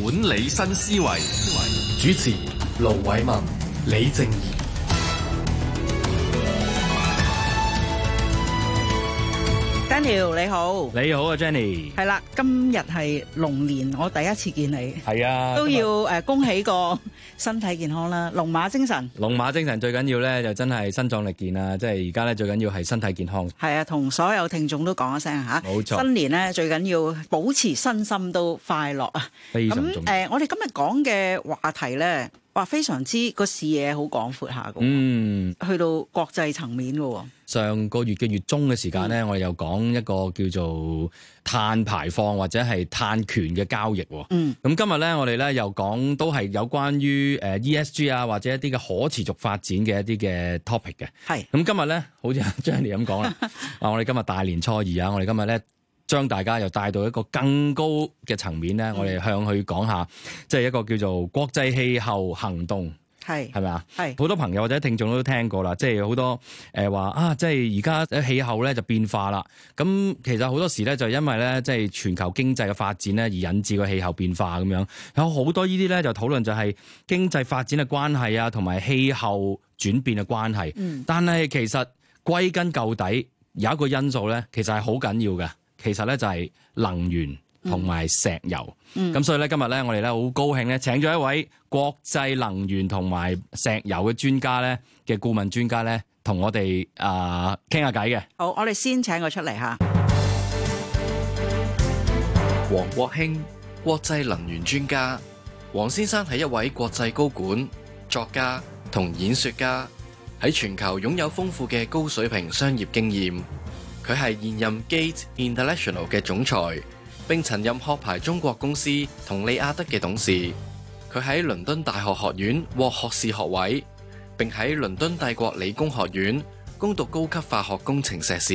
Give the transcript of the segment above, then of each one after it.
管理新思維，思維主持盧偉民、李靜宜。你好，你好啊 Jenny，係啦，今日係龍年，我第一次見你，係啊，都要誒恭喜個身體健康啦，龍馬精神，龍馬精神最緊要咧就真係身壯力健啦，即係而家咧最緊要係身體健康，係啊，同所有聽眾都講一聲吓，冇錯，新年咧最緊要保持身心都快樂啊，咁誒，我哋今日講嘅話題咧。哇！非常之個視野好廣闊下嘅，嗯，去到國際層面嘅喎。上個月嘅月中嘅時間咧，嗯、我哋又講一個叫做碳排放或者係碳權嘅交易。嗯，咁今日咧，我哋咧又講都係有關於誒 ESG 啊，或者一啲嘅可持續發展嘅一啲嘅 topic 嘅。係是。咁今日咧，好似阿 Janny 咁講啦。啊， 我哋今日大年初二啊，我哋今日咧。將大家又帶到一個更高嘅層面咧，嗯、我哋向佢講下，即係一個叫做國際氣候行動，係係咪啊？係好多朋友或者聽眾都聽過啦，即係好多誒話、呃、啊，即係而家氣候咧就變化啦。咁其實好多時咧就因為咧即係全球經濟嘅發展咧而引致個氣候變化咁樣，有好多呢啲咧就討論就係經濟發展嘅關係啊，同埋氣候轉變嘅關係。嗯、但係其實歸根究底有一個因素咧，其實係好緊要嘅。其實咧就係能源同埋石油，嗯，咁所以咧今日咧我哋咧好高興咧，請咗一位國際能源同埋石油嘅專家咧嘅顧問專家咧，同我哋啊傾下偈嘅。好，我哋先請佢出嚟吓。王國興，國際能源專家王先生係一位國際高管、作家同演說家，喺全球擁有豐富嘅高水平商業經驗。佢係現任 Gates International 嘅總裁，並曾任殼牌中國公司同利亞德嘅董事。佢喺倫敦大學學院獲學士學位，並喺倫敦帝國理工學院攻讀高級化學工程碩士，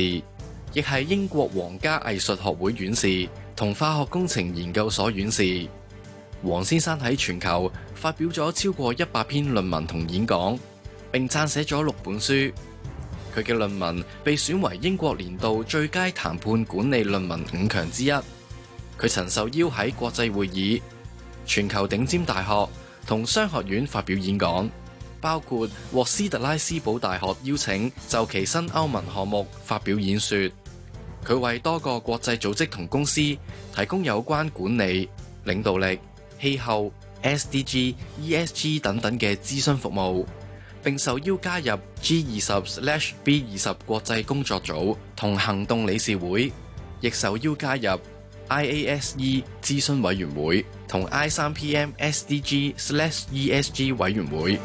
亦係英國皇家藝術學會院士同化學工程研究所院士。王先生喺全球發表咗超過一百篇論文同演講，並撰寫咗六本書。佢嘅論文被選為英國年度最佳談判管理論文五強之一。佢曾受邀喺國際會議、全球頂尖大學同商學院發表演講，包括獲斯特拉斯堡大學邀請就其新歐盟項目發表演說。佢為多個國際組織同公司提供有關管理、領導力、氣候、SDG、ESG 等等嘅諮詢服務。並受邀加入 G 二十 /B 二十國際工作組同行動理事會，亦受邀加入 IASE 諮詢委員會同 I 三 PM SDG/ESG slash 委員會。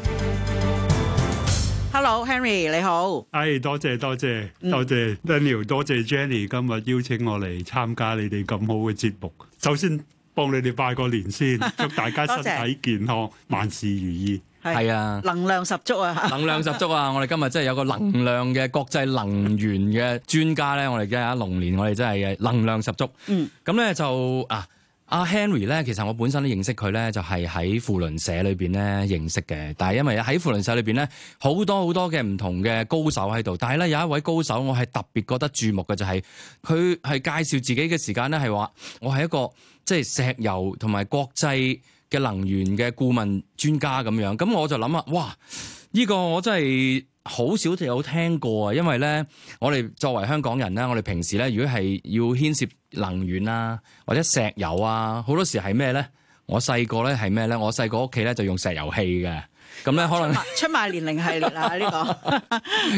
Hello，Henry，你好。哎、hey，多謝、嗯、多謝多謝 Daniel 多謝 Jenny，今日邀請我嚟參加你哋咁好嘅節目。首先幫你哋拜個年先， 祝大家身體健康， 謝萬事如意。係啊，能量十足啊！能量十足啊！我哋今日真係有個能量嘅國際能源嘅專家咧， 我哋而家龍年，我哋真係能量十足。嗯，咁咧就啊，阿 Henry 咧，其實我本身都認識佢咧，就係喺扶輪社裏邊咧認識嘅。但係因為喺扶輪社裏邊咧，好多好多嘅唔同嘅高手喺度。但係咧有一位高手，我係特別覺得注目嘅，就是，就係佢係介紹自己嘅時間咧，係話我係一個即係石油同埋國際。嘅能源嘅顧問專家咁樣，咁我就諗啊，哇！呢個我真係好少有聽過啊，因為咧，我哋作為香港人咧，我哋平時咧，如果係要牽涉能源啊或者石油啊，好多時係咩咧？我細個咧係咩咧？我細個屋企咧就用石油氣嘅。咁咧，可能出賣，出賣年齡系列啦呢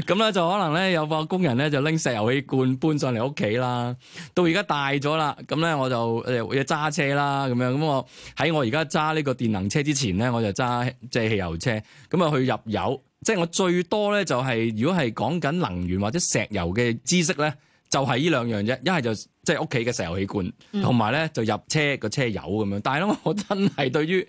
個。咁咧 就可能咧有個工人咧就拎石油氣罐搬上嚟屋企啦。到而家大咗啦，咁咧我就誒要揸車啦咁樣。咁我喺我而家揸呢個電能車之前咧，我就揸即係汽油車。咁啊去入油，即係我最多咧就係如果係講緊能源或者石油嘅知識咧，就係呢兩樣啫。一係就即係屋企嘅石油氣罐，同埋咧就入車個車油咁樣。但係咧，我真係對於。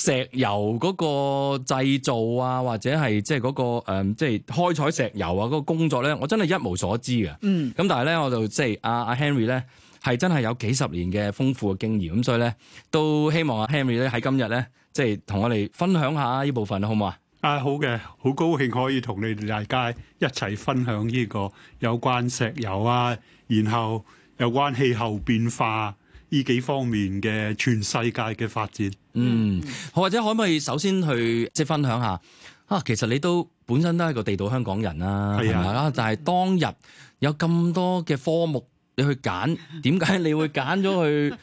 石油嗰個製造啊，或者係即係嗰個即係、呃即係、開採石油啊嗰個工作咧，我真係一無所知嘅。嗯，咁但係咧，我就即係阿阿 Henry 咧係真係有幾十年嘅豐富嘅經驗，咁所以咧都希望阿、啊、Henry 咧喺今日咧即係同我哋分享下呢部分啦，好唔好啊？啊，好嘅，好高興可以同你哋大家一齊分享呢、呢個有關石油啊，然後有關氣候變化。呢幾方面嘅全世界嘅發展，嗯，或者可唔可以首先去即係、就是、分享下啊？其實你都本身都係個地道香港人啦，係咪啊？啊但係當日有咁多嘅科目你去揀，點解你會揀咗去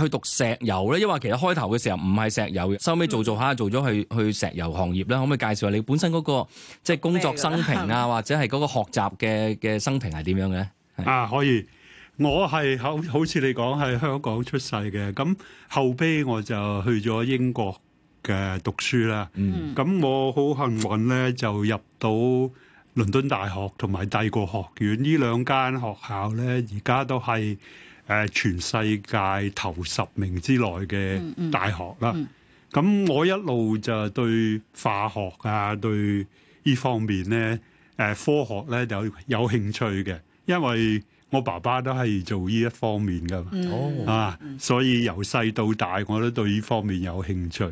去讀石油咧？因為其實開頭嘅時候唔係石油嘅，收尾做做下做咗去去石油行業啦。可唔可以介紹下你本身嗰、那個即係工作生平啊， 或者係嗰個學習嘅嘅生平係點樣嘅咧？啊，可以。我係好好似你講係香港出世嘅，咁後尾我就去咗英國嘅讀書啦。咁、mm hmm. 我好幸運咧，就入到倫敦大學同埋帝國學院呢兩間學校咧，而家都係誒、呃、全世界頭十名之內嘅大學啦。咁、mm hmm. 我一路就對化學啊，對呢方面咧，誒、呃、科學咧有有興趣嘅，因為，我爸爸都係做呢一方面㗎，哦、啊，所以由細到大我都對呢方面有興趣。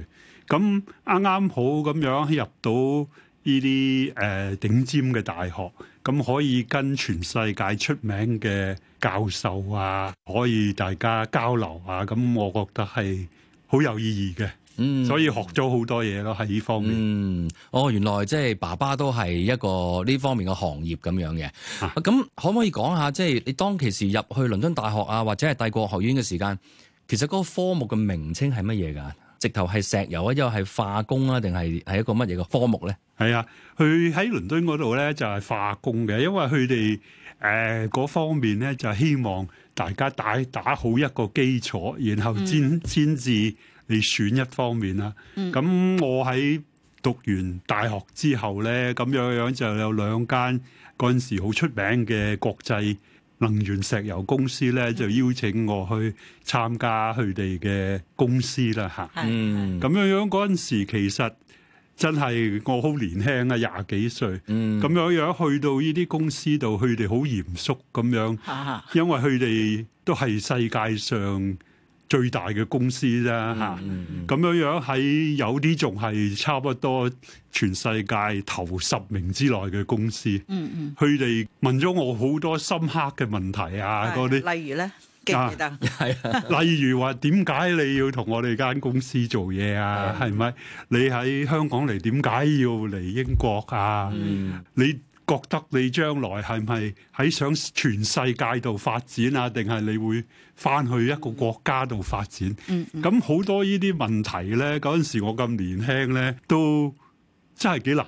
咁啱啱好咁樣入到呢啲誒頂尖嘅大學，咁可以跟全世界出名嘅教授啊，可以大家交流啊，咁我覺得係好有意義嘅。嗯，所以學咗好多嘢咯，喺呢方面。嗯，哦，原來即係爸爸都係一個呢方面嘅行業咁樣嘅。咁、啊啊、可唔可以講下，即係你當其時入去倫敦大學啊，或者係帝國學院嘅時間，其實嗰個科目嘅名稱係乜嘢噶？直頭係石油啊，又係化工啊，定係係一個乜嘢嘅科目咧？係啊，佢喺倫敦嗰度咧就係化工嘅，因為佢哋誒嗰方面咧就希望大家打打好一個基礎，然後先先至。嗯你選一方面啦，咁我喺讀完大學之後咧，咁樣樣就有兩間嗰陣時好出名嘅國際能源石油公司咧，就邀請我去參加佢哋嘅公司啦吓。咁樣樣嗰陣時其實真係我好年輕啊，廿幾歲，咁樣樣去到呢啲公司度，佢哋好嚴肅咁樣，因為佢哋都係世界上最大嘅公司啫，吓，咁樣樣喺有啲仲係差不多全世界頭十名之內嘅公司，嗯嗯，佢哋問咗我好多深刻嘅問題啊，嗰啲，例如咧，記唔記得係，例如話點解你要同我哋間公司做嘢啊？係咪？你喺香港嚟，點解要嚟英國啊？你？覺得你將來係唔係喺想全世界度發展啊？定係你會翻去一個國家度發展？咁好、嗯嗯、多呢啲問題咧，嗰陣時我咁年輕咧，都真係幾難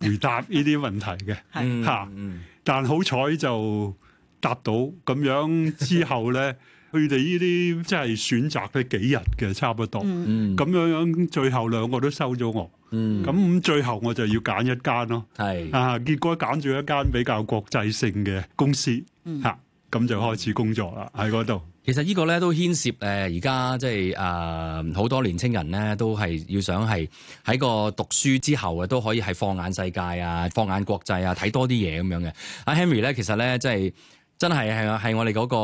回答呢啲問題嘅嚇。 嗯嗯、但好彩就答到咁樣之後咧。 佢哋呢啲即係選擇咗幾日嘅，差唔多咁、嗯、樣樣，最後兩個都收咗我。咁、嗯、最後我就要揀一間咯。係是啊，結果揀住一間比較國際性嘅公司嚇，咁、嗯啊、就開始工作啦喺嗰度。其實個呢個咧都牽涉誒，而、呃、家即係啊，好、呃、多年青人咧都係要想係喺個讀書之後嘅都可以係放眼世界啊，放眼國際啊，睇多啲嘢咁樣嘅。阿、啊、Henry 咧，其實咧即係。即真係係啊，係我哋嗰，那個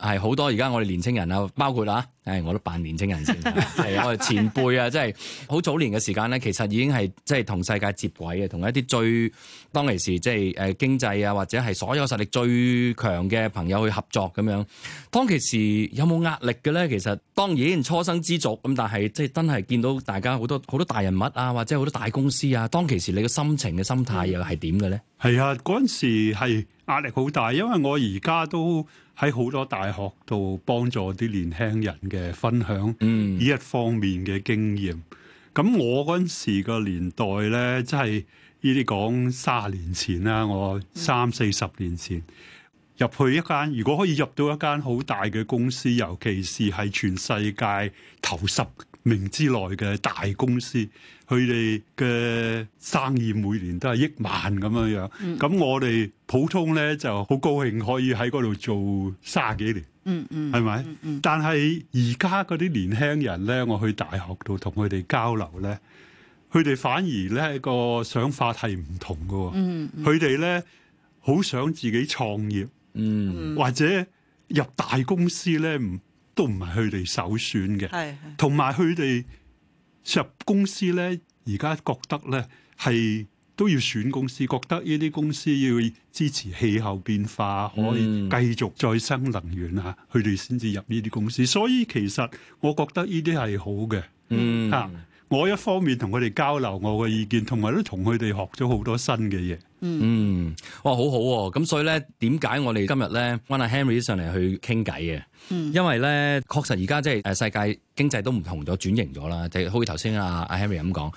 係好多而家我哋年青人啊，包括啊，誒，我都扮年青人先，係 我哋前輩啊，即係好早年嘅時間咧，其實已經係即係同世界接軌嘅，同一啲最當其時即係誒經濟啊，或者係所有實力最強嘅朋友去合作咁樣。當其時有冇壓力嘅咧？其實當然初生之犢咁，但係即係真係見到大家好多好多大人物啊，或者好多大公司啊，當其時你嘅心情嘅心態又係點嘅咧？係啊，嗰陣時係。壓力好大，因為我而家都喺好多大學度幫助啲年輕人嘅分享，呢一方面嘅經驗。咁、嗯、我嗰陣時個年代咧，即係呢啲講三十年前啦，我三四十年前、嗯、入去一間，如果可以入到一間好大嘅公司，尤其是係全世界頭十。名之內嘅大公司，佢哋嘅生意每年都係億萬咁樣樣。咁我哋普通咧就好高興可以喺嗰度做卅幾年，嗯嗯，係咪？但係而家嗰啲年輕人咧，我去大學度同佢哋交流咧，佢哋反而咧個想法係唔同㗎。嗯，佢哋咧好想自己創業，嗯，或者入大公司咧唔，都唔係佢哋首選嘅，係，同埋佢哋入公司咧，而家覺得咧係都要選公司，覺得呢啲公司要支持氣候變化，可以繼續再生能源啊，佢哋先至入呢啲公司。所以其實我覺得呢啲係好嘅，嗯嚇，我一方面同佢哋交流我嘅意見，同埋都同佢哋學咗好多新嘅嘢。Mm. 嗯，哇，好好喎、啊！咁所以咧，點解我哋今日咧搵阿、啊、Henry 上嚟去傾偈嘅？Mm. 因為咧，確實而家即係誒世界經濟都唔同咗，轉型咗啦，就好似頭先阿 Henry 咁講。啊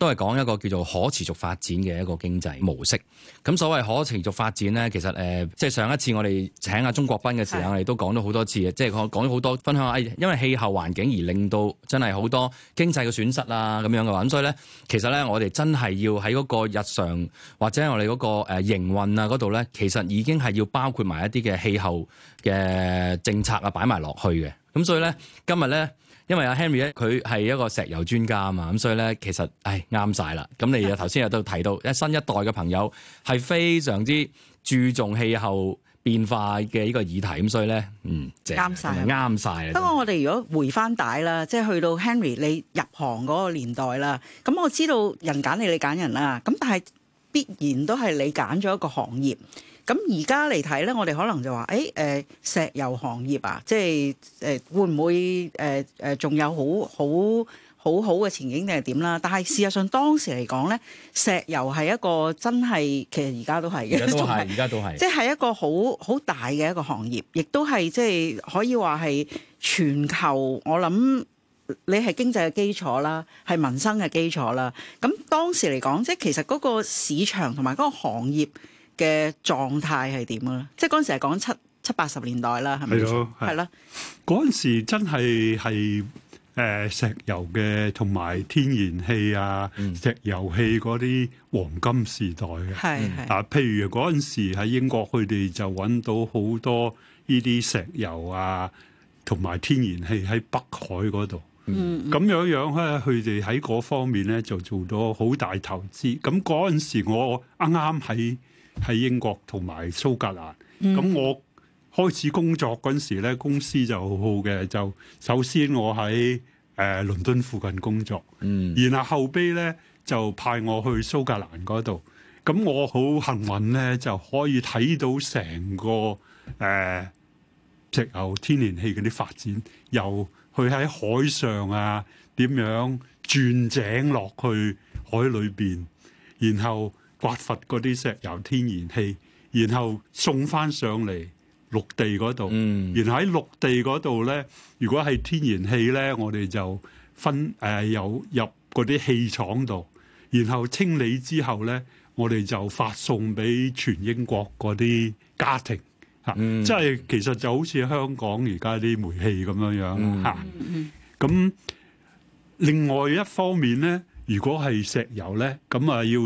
都係講一個叫做可持續發展嘅一個經濟模式。咁所謂可持續發展咧，其實誒，即、呃、係、就是、上一次我哋請阿鍾國斌嘅時候，的我哋都講咗好多次嘅，即係講咗好多分享。哎、因為氣候環境而令到真係好多經濟嘅損失啊咁樣嘅話，咁所以咧，其實咧，我哋真係要喺嗰個日常或者我哋嗰、那個誒營運啊嗰度咧，其實已經係要包括埋一啲嘅氣候嘅政策啊擺埋落去嘅。咁所以咧，今日咧。因為阿 Henry 咧，佢係一個石油專家啊嘛，咁所以咧，其實唉，啱晒啦。咁你頭先又都提到，新一代嘅朋友係非常之注重氣候變化嘅呢個議題，咁所以咧，嗯，啱晒，啱晒。不過我哋如果回翻帶啦，即係去到 Henry 你入行嗰個年代啦，咁我知道人揀你，你揀人啦。咁但係必然都係你揀咗一個行業。咁而家嚟睇咧，我哋可能就話，誒、哎、誒、呃，石油行業啊，即係誒、呃，會唔會誒誒，仲有好好好好嘅前景定係點啦？但係事實上當時嚟講咧，石油係一個真係，其實而家都係嘅，而家都係，而家都係，即係一個好好大嘅一個行業，亦都係即係可以話係全球。我諗你係經濟嘅基礎啦，係民生嘅基礎啦。咁當時嚟講，即係其實嗰個市場同埋嗰個行業。嘅狀態係點嘅咧？即係嗰陣時係講七七八十年代啦，係咪？係咯，係啦。嗰陣時真係係誒石油嘅同埋天然氣啊，石油氣嗰啲黃金時代嘅。係啊，嗯、譬如嗰陣時喺英國，佢哋就揾到好多呢啲石油啊，同埋天然氣喺北海嗰度。嗯，咁樣樣咧，佢哋喺嗰方面咧就做咗好大投資。咁嗰陣時我啱啱喺喺英國同埋蘇格蘭，咁、嗯、我開始工作嗰陣時咧，公司就好好嘅。就首先我喺誒、呃、倫敦附近工作，嗯、然後後邊咧就派我去蘇格蘭嗰度。咁我好幸運咧，就可以睇到成個誒石油天然氣嗰啲發展，由佢喺海上啊，點樣鑽井落去海裏邊，然後，刮發嗰啲石油、天然氣，然後送翻上嚟陸地嗰度，然後喺陸地嗰度咧，如果係天然氣咧，我哋就分誒有入嗰啲氣廠度，然後清理之後咧，我哋就發送俾全英國嗰啲家庭嚇，即係其實就好似香港而家啲煤氣咁樣樣啦嚇，咁另外一方面咧，如果係石油咧，咁啊要。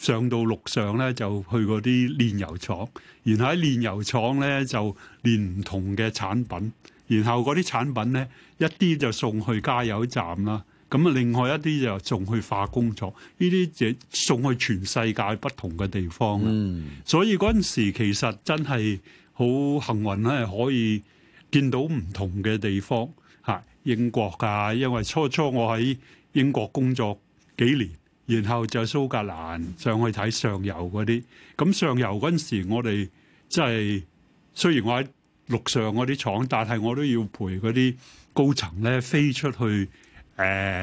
上到陸上咧，就去嗰啲煉油廠，然後喺煉油廠咧就煉唔同嘅產品，然後嗰啲產品咧一啲就送去加油站啦，咁啊另外一啲就送去化工廠，呢啲就送去全世界不同嘅地方。嗯。所以嗰陣時其實真係好幸運咧，可以見到唔同嘅地方嚇英國㗎，因為初初我喺英國工作幾年。然後就蘇格蘭上去睇上游嗰啲，咁上游嗰陣時，我哋即係雖然我喺陸上嗰啲廠，但係我都要陪嗰啲高層咧飛出去。誒，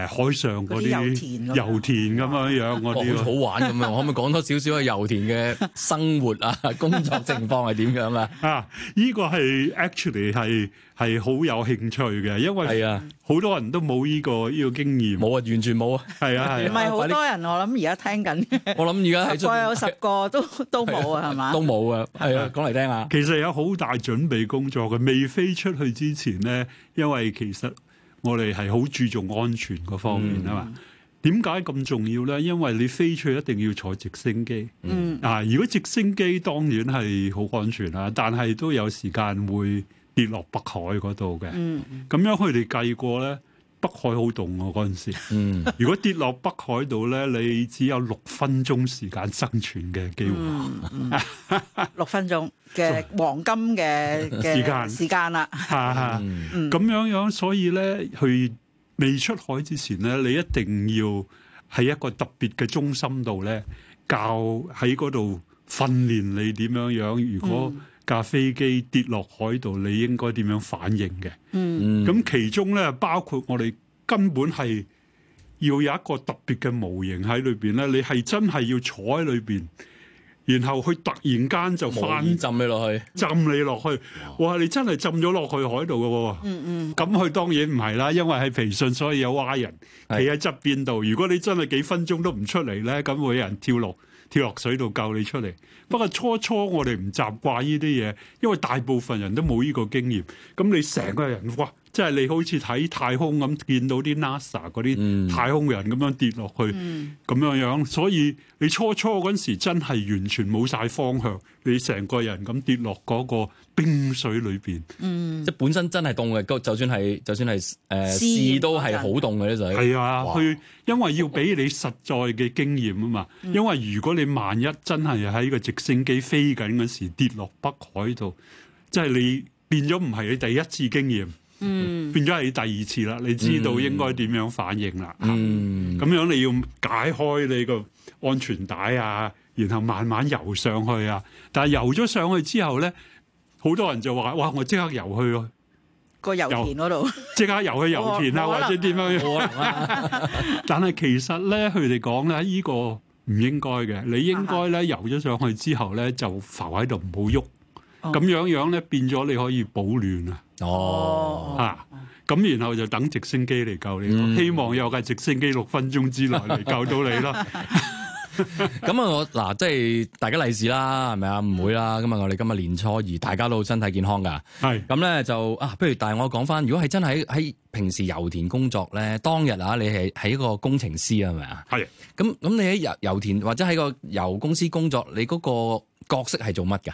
海上嗰啲油田咁樣樣嗰啲，好好玩咁啊！可唔可以講多少少啊？油田嘅生活啊，工作情況係點樣啊？啊，呢個係 actually 係係好有興趣嘅，因為係啊，好多人都冇呢個呢個經驗，冇啊，完全冇啊，係啊，唔係好多人。我諗而家聽緊，我諗而家係十個有十個都都冇啊，係嘛，都冇啊，係啊，講嚟聽下。其實有好大準備工作嘅，未飛出去之前呢，因為其實。我哋係好注重安全嗰方面啊嘛，點解咁重要呢？因為你飛出去一定要坐直升機，嗯、啊！如果直升機當然係好安全啦，但係都有時間會跌落北海嗰度嘅。咁、嗯、樣佢哋計過呢。北海好凍喎，嗰陣時。嗯。如果跌落北海度咧， 你只有六分鐘時間生存嘅機會、 嗯嗯。六分鐘嘅黃金嘅嘅 時間時間啦。啊啊。咁樣樣，所以咧，去未出海之前咧，你一定要喺一個特別嘅中心度咧，教喺嗰度訓練你點樣樣。如果架飛機跌落海度，你應該點樣反應嘅？嗯，咁其中咧包括我哋根本係要有一個特別嘅模型喺裏邊咧，你係真係要坐喺裏邊，然後佢突然間就翻浸你落去，浸你落去。哇！你真係浸咗落去海度嘅喎。嗯嗯，咁佢當然唔係啦，因為係培訓，所以有蛙人企喺側邊度。是如果你真係幾分鐘都唔出嚟咧，咁會有人跳落。跳落水度救你出嚟。不過初初我哋唔習慣呢啲嘢，因為大部分人都冇呢個經驗。咁你成個人哇～即係你好似睇太空咁，見到啲 NASA 嗰啲太空人咁樣跌落去咁樣、嗯、樣，所以你初初嗰陣時真係完全冇晒方向，你成個人咁跌落嗰個冰水裏邊，嗯、即係本身真係凍嘅。就算係就算係誒，試、呃、都係好凍嘅咧，就係、是、啊，去哇因為要俾你實在嘅經驗啊嘛。嗯、因為如果你萬一真係喺個直升機飛緊嗰時跌落北海度，即、就、係、是、你變咗唔係你第一次經驗。嗯，變咗係第二次啦，你知道應該點樣反應啦？嗯，咁樣你要解開你個安全帶啊，然後慢慢游上去啊。但係游咗上去之後咧，好多人就話：哇！我即刻游去個油田嗰度，即刻游去油田啊， 或者點樣樣？ 但係其實咧，佢哋講咧，呢個唔應該嘅。你應該咧游咗上去之後咧，就浮喺度唔好喐。咁、哦、樣樣咧，變咗你可以保暖啊。哦，吓咁、oh. 啊，然後就等直升機嚟救你，嗯、希望有架直升機六分鐘之內嚟救到你啦。咁啊，嗱，即係大家利是啦，係咪啊？唔會啦。咁啊，我哋今日年初二，大家都好身體健康噶。係咁咧，就啊，不如但係我講返，如果係真係喺平時油田工作咧，當日啊，你係喺一個工程師啊，係咪啊？係咁咁，你喺油油田或者喺個油公司工作，你嗰個角色係做乜噶？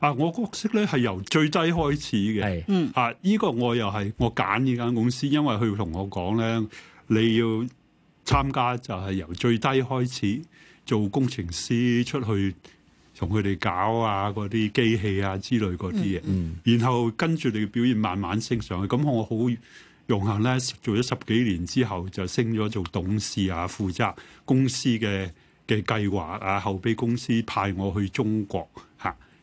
啊！我角色咧係由最低開始嘅，嗯是啊，依、這個我又係我揀呢間公司，因為佢同我講咧，你要參加就係由最低開始做工程師出去，同佢哋搞啊嗰啲機器啊之類嗰啲嘢，嗯，然後跟住你嘅表現慢慢升上去，咁我好榮幸咧，做咗十幾年之後就升咗做董事啊，負責公司嘅嘅計劃啊，後畀公司派我去中國。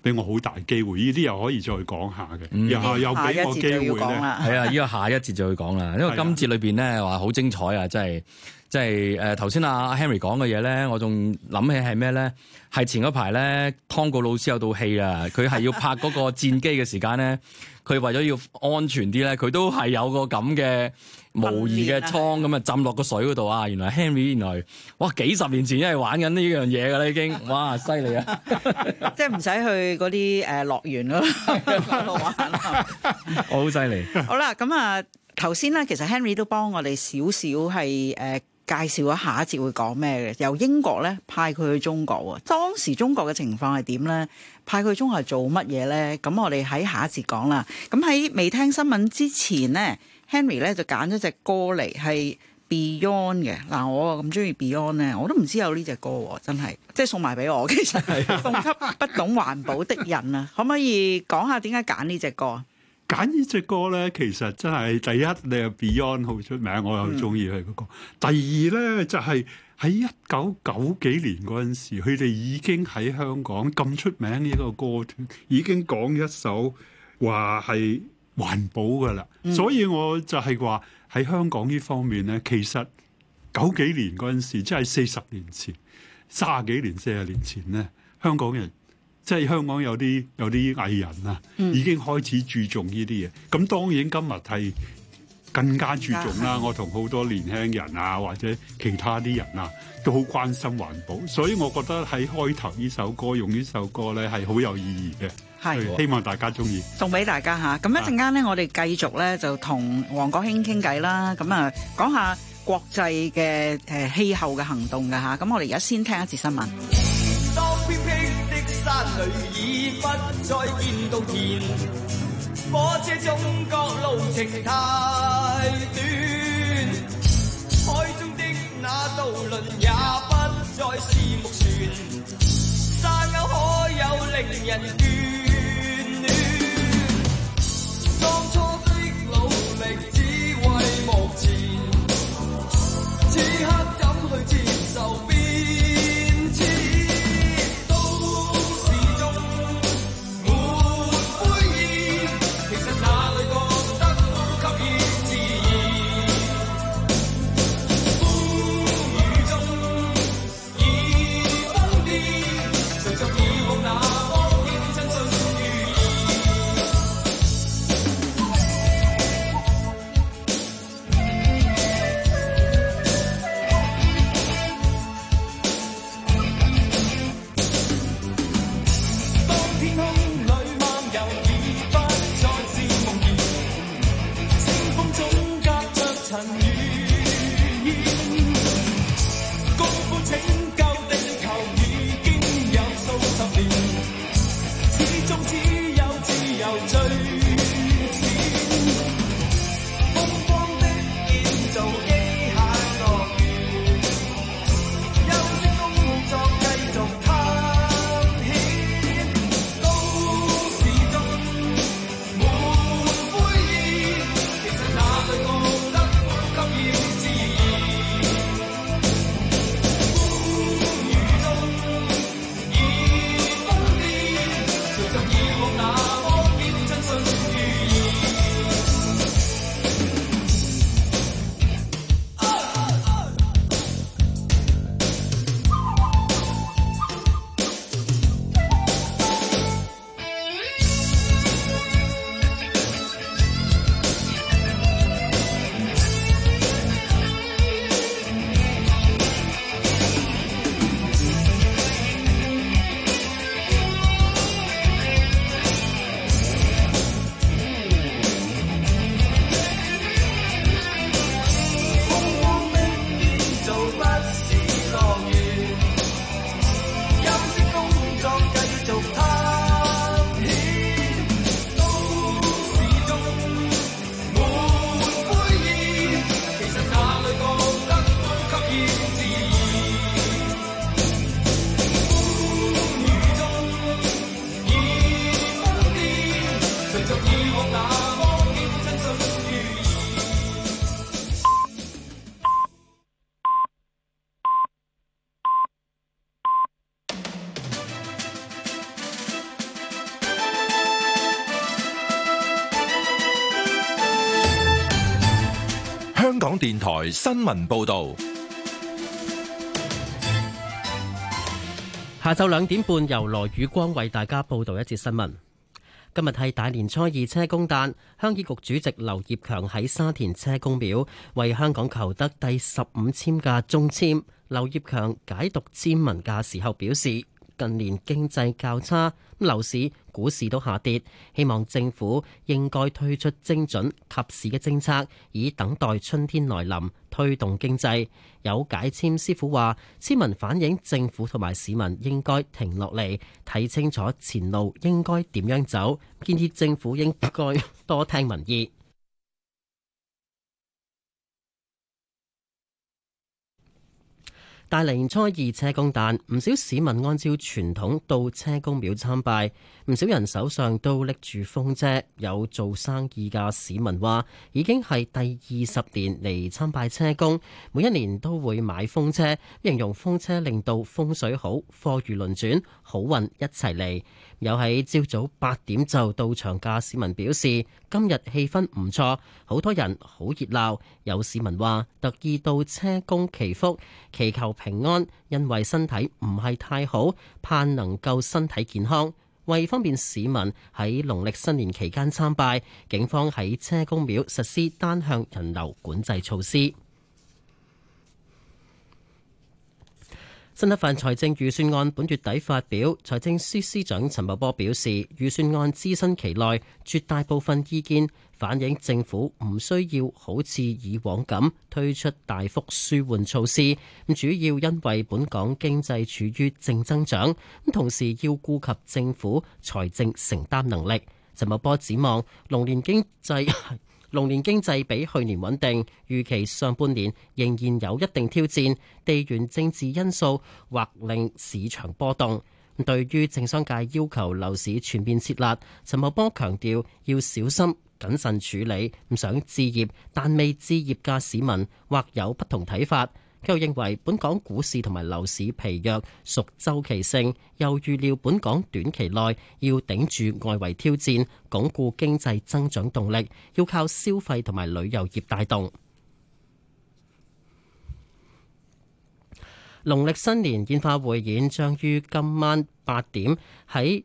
俾我好大機會，呢啲又可以再講下嘅，嗯、又又俾我機會咧。係啊，呢個下一節就去講啦。因為今節裏邊咧話好精彩啊，即係即係誒頭先阿 Henry 講嘅嘢咧，我仲諗起係咩咧？係前嗰排咧，湯告老師有套戲啊，佢係要拍嗰個戰機嘅時間咧，佢為咗要安全啲咧，佢都係有個咁嘅。無疑嘅倉咁啊，的浸落個水嗰度啊！原來 Henry 原來，哇！幾十年前已經玩緊呢樣嘢噶啦，已經哇，犀利啊！ 即係唔使去嗰啲誒樂園咯，度 玩。 我 好犀利。好啦，咁啊，頭先咧，其實 Henry 都幫我哋少少係誒介紹咗下一節會講咩嘅。由英國咧派佢去中國，當時中國嘅情況係點咧？派佢去中國係做乜嘢咧？咁我哋喺下一節講啦。咁喺未聽新聞之前咧。Henry 咧就揀咗隻歌嚟係 Beyond 嘅嗱，我又咁鍾意 Beyond 咧，我都唔知有呢隻歌喎，真係即係送埋畀我，其實係送給不懂環保的人啊！可唔可以講下點解揀呢隻歌？揀呢隻歌咧，其實真係第一咧，Beyond 好出名，我又鍾意佢嗰個。第二咧就係喺一九九幾年嗰陣時，佢哋已經喺香港咁出名呢一個歌團，已經講一首話係。環保噶啦，嗯、所以我就係話喺香港呢方面咧，其實九幾年嗰陣時，即係四十年前，三十幾年，四十年前咧，香港人即係香港有啲有啲藝人啊，已經開始注重呢啲嘢。咁當然今日係更加注重啦。是我同好多年輕人啊，或者其他啲人啊，都好關心環保。所以我覺得喺開頭呢首歌用呢首歌咧，係好有意義嘅。係，希望大家鍾意送俾大家吓。咁一陣間咧，我哋繼續咧就同王國興傾偈啦。咁啊，講下國際嘅誒氣候嘅行動噶吓。咁我哋而家先聽一次新聞。當初的努力，只為目前。電台新聞報道，下晝兩點半由羅宇光為大家報道一節新聞。今日係大年初二車公誕，鄉議局主席劉業強喺沙田車公廟為香港求得第十五籤嘅中籤。劉業強解讀籤文嘅時候表示，近年經濟較差，咁樓市、股市都下跌，希望政府應該推出精準及時嘅政策，以等待春天來臨，推動經濟。有解簽師傅話，市民反映政府同埋市民應該停落嚟，睇清楚前路應該點樣走，建議政府應該多聽民意。大年初二車公誕，唔少市民按照傳統到車公廟參拜，唔少人手上都拎住風車。有做生意嘅市民話，已經係第二十年嚟參拜車公，每一年都會買風車，形容風車令到風水好，貨如輪轉，好運一齊嚟。有喺朝早八點就到場嘅市民表示，今日氣氛唔錯，好多人好熱鬧。有市民話，特意到車公祈福，祈求平安，因為身體唔係太好，盼能夠身體健康。為方便市民喺農曆新年期間參拜，警方喺車公廟實施單向人流管制措施。新一份財政預算案本月底發表，財政司司長陳茂波表示，預算案諮詢期內絕大部分意見反映政府唔需要好似以往咁推出大幅舒緩措施。咁主要因為本港經濟處於正增長，咁同時要顧及政府財政承擔能力。陳茂波展望龍年經濟。 龍年經濟比去年穩定，預期上半年仍然有一定挑戰，地緣政治因素或令市場波動。對於政商界要求樓市全面設立，陳茂波強調要小心謹慎處理。唔想置業但未置業嘅市民或有不同睇法。佢又認為本港股市同埋樓市疲弱屬週期性，又預料本港短期內要頂住外圍挑戰，鞏固經濟增長動力，要靠消費同埋旅遊業帶動。農曆新年煙花匯演將於今晚八點喺。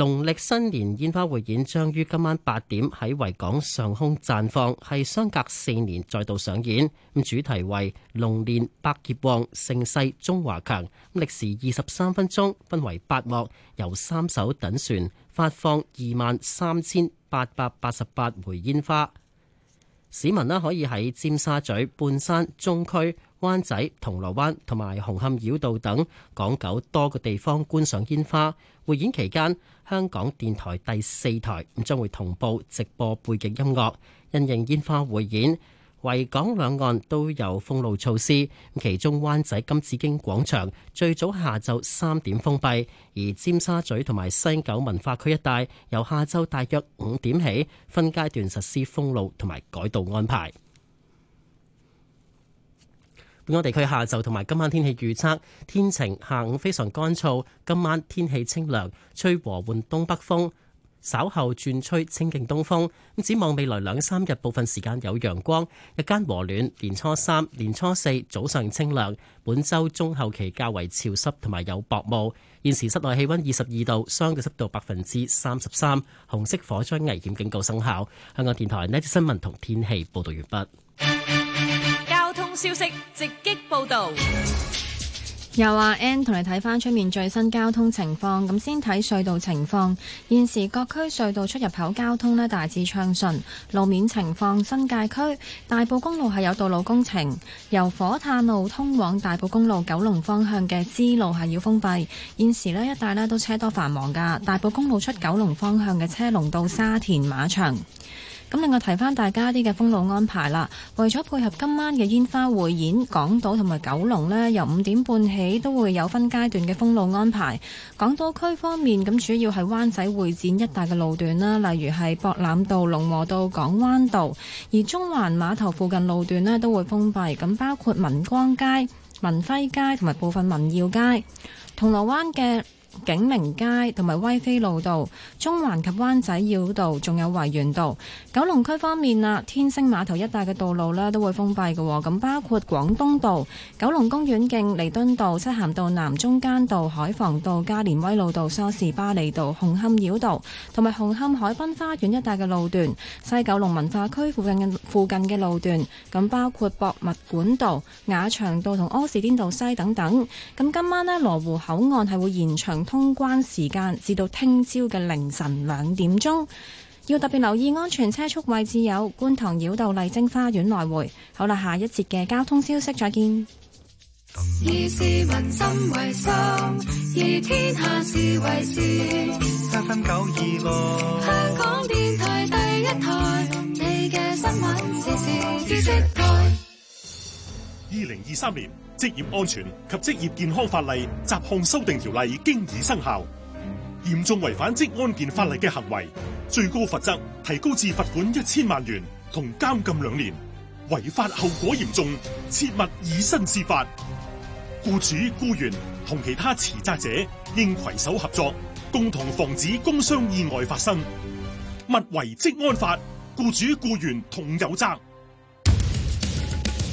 農曆新年煙花匯演將於今晚八點喺維港上空綻放，係相隔四年再度上演。咁主題為“龍年百業旺，盛世中華強”，咁歷時二十三分鐘，分為八幕，由三艘躉船發放二萬三千八百八十八枚煙花。市民咧可以喺尖沙咀、半山、中區、灣仔、銅鑼灣同埋紅磡繞道等港九多個地方觀賞煙花。匯演期間。香港電台第四台將會同步直播背景音樂，因應煙花匯演。維港兩岸都有封路措施，其中灣仔金紫荊廣場最早下晝三點封閉，而尖沙咀同埋西九文化區一帶由下晝大約五點起分階段實施封路同埋改道安排。本港地區下晝同埋今晚天氣預測：天晴，下午非常乾燥，今晚天氣清涼，吹和緩東北風，稍後轉吹清勁東風。咁展望未來兩三日，部分時間有陽光，日間和暖。年初三、年初四早上清涼，本週中後期較為潮濕同埋有薄霧。現時室內氣温二十二度，相對濕度百分之三十三，紅色火災危險警告生效。香港電台呢則新聞同天氣報導完畢。消息直擊報道，又話 Anne 同你睇翻出面最新交通情況。咁先睇隧道情況，現時各區隧道出入口交通咧大致暢順。路面情況，新界區大埔公路係有道路工程，由火炭路通往大埔公路九龍方向嘅支路係要封閉。現時呢一帶咧都車多繁忙噶，大埔公路出九龍方向嘅車龍到沙田馬場。咁另外提翻大家啲嘅封路安排啦，為咗配合今晚嘅煙花匯演，港島同埋九龍呢由五點半起都會有分階段嘅封路安排。港島區方面，咁主要係灣仔會展一帶嘅路段啦，例如係博覽道、龍和道、港灣道，而中環碼頭附近路段呢，都會封閉，咁包括民光街、民輝街同埋部分民耀街、銅鑼灣嘅景明街同埋威菲路道、中環及灣仔繞道，仲有維園道。九龍區方面啊，天星碼頭一帶嘅道路咧都會封閉嘅，哦。咁包括廣東道、九龍公園徑、彌敦道、漆咸道南、中間道、海防道、加連威老道、梳士巴利道、紅磡繞道同埋紅磡海濱花園一帶嘅路段，西九龍文化區附近嘅附近嘅路段。咁包括博物館道、雅翔道同柯士甸道西等等。咁今晚呢，羅湖口岸係會延長，通關時間至到聽朝嘅凌晨兩點鐘，要特別留意安全車速位置有觀塘繞道麗晶花園來回。好啦，下一節嘅交通消息再見。二零二三年。職業安全及職業健康法例雜項修訂條例經已生效，嚴重違反職安健法例嘅行為，最高罰則提高至罰款一千萬元同監禁兩年。違法後果嚴重，切勿以身試法。僱主、僱員同其他持責者應攜手合作，共同防止工傷意外發生。勿違職安法，僱主僱員同有責。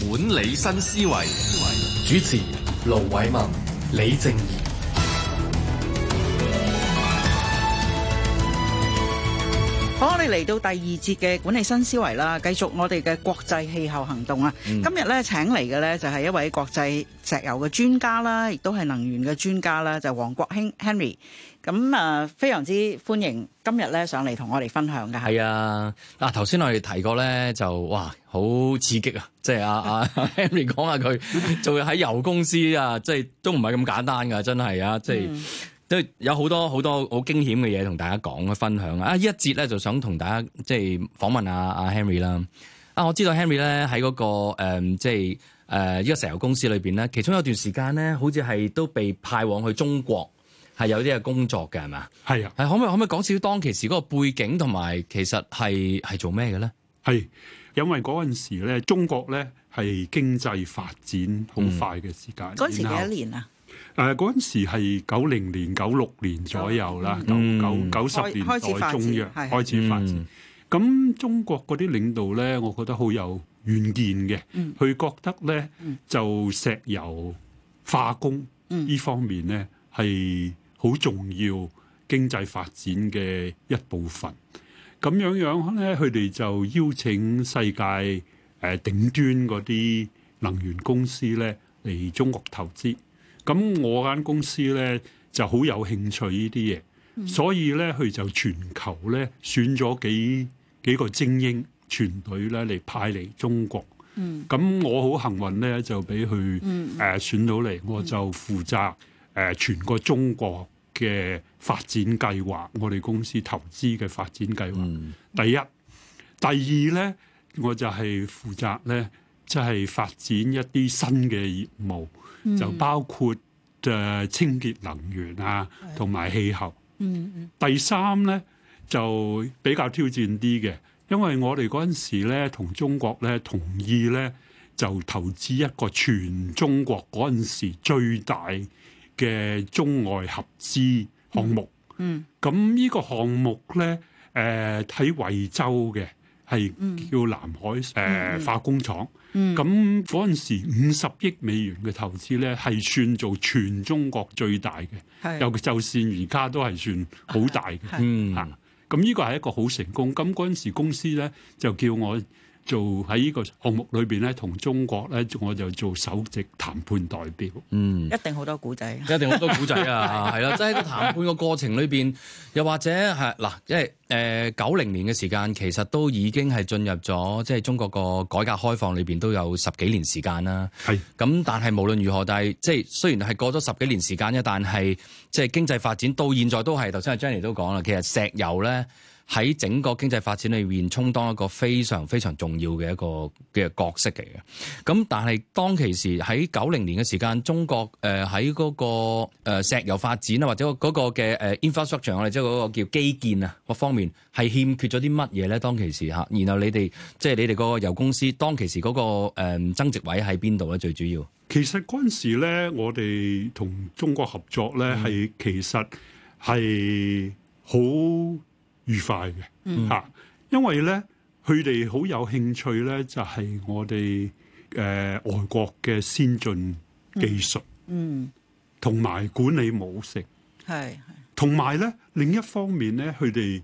管理新思維，思維。主持盧偉民、李靜宜。好，我哋嚟到第二節嘅管理新思維啦，繼續我哋嘅國際氣候行動啊。嗯、今日咧，請嚟嘅咧就係一位國際石油嘅專家啦，亦都係能源嘅專家啦，就係王國興 Henry。咁啊，非常之歡迎今日咧上嚟同我哋分享嘅。係啊，嗱、啊，頭先我哋提過咧，就哇好刺激啊！即係阿阿 Henry 講下佢，做喺 油公司啊，即係都唔係咁簡單嘅，真係啊！即係、嗯、都有好多好多好驚險嘅嘢同大家講去分享啊！依一節咧，就想同大家即係訪問下阿、啊、Henry 啦。啊，我知道 Henry 咧喺嗰個、嗯、即係誒依個石油公司裏邊咧，其中有段時間咧，好似係都被派往去中國。係有啲嘅工作嘅，係嘛？係啊，係可唔可以可唔可以講少當其時嗰個背景同埋，其實係係做咩嘅咧？係因為嗰陣時咧，中國咧係經濟發展好快嘅時間。嗰、嗯、陣時幾多年啊？誒、呃，嗰陣時係九零年、九六年左右啦，九九九十年代中藥開始發展。咁中、嗯、中國嗰啲領導咧，我覺得好有遠見嘅。佢、嗯、覺得咧、嗯、就石油化工呢、嗯、方面咧係好重要經濟發展嘅一部分，咁樣樣咧，佢哋就邀請世界誒頂端嗰啲能源公司咧嚟中國投資。咁我間公司咧就好有興趣呢啲嘢，嗯、所以咧佢就全球咧選咗幾幾個精英團隊咧嚟派嚟中國。嗯，咁我好幸運咧就俾佢誒選到嚟，嗯、我就負責。誒，全個中國嘅發展計劃，我哋公司投資嘅發展計劃。第一、第二呢，我就係負責呢，即係發展一啲新嘅業務，就包括誒清潔能源啊，同埋氣候。嗯，第三呢，就比較挑戰啲嘅，因為我哋嗰陣時呢，同中國呢，同意呢，就投資一個全中國嗰陣時最大。嘅中外合資項目，嗯，咁、嗯、呢個項目咧，誒喺惠州嘅，係叫南海誒、嗯呃、化工廠，嗯，咁嗰陣時五十億美元嘅投資咧，係算做全中國最大嘅，尤其是就算而家都係算好大嘅，是嗯，嚇、啊，咁呢個係一個好成功。咁嗰陣時公司咧就叫我。做喺呢個項目裏邊咧，同中國咧，我就做首席談判代表。嗯，一定好多古仔， 一定好多古仔啊！係啦、啊，即係個談判個過程裏邊，又或者係嗱，即係誒九零年嘅時間，其實都已經係進入咗即係中國個改革開放裏邊都有十幾年時間啦。係咁是，但係無論如何，但係即係雖然係過咗十幾年時間啫，但係即係經濟發展到現在都係頭先阿 Jenny 都講啦，其實石油咧。喺整個經濟發展裏面，充當一個非常非常重要嘅一個嘅角色嚟嘅。咁但係當其時喺九零年嘅時間，中國誒喺嗰個石油發展啊，或者嗰個嘅誒 infrastructure，我哋即係嗰個叫基建啊，各方面係欠缺咗啲乜嘢咧？當其時嚇，然後你哋即係你哋個油公司當其時嗰個誒增值位喺邊度咧？最主要其實嗰陣時咧，我哋同中國合作咧，係、嗯、其實係好。愉快嘅嚇，嗯、因為咧佢哋好有興趣咧，就係、是、我哋誒、呃、外國嘅先進技術，嗯，同、嗯、埋管理模式，係同埋咧另一方面咧，佢哋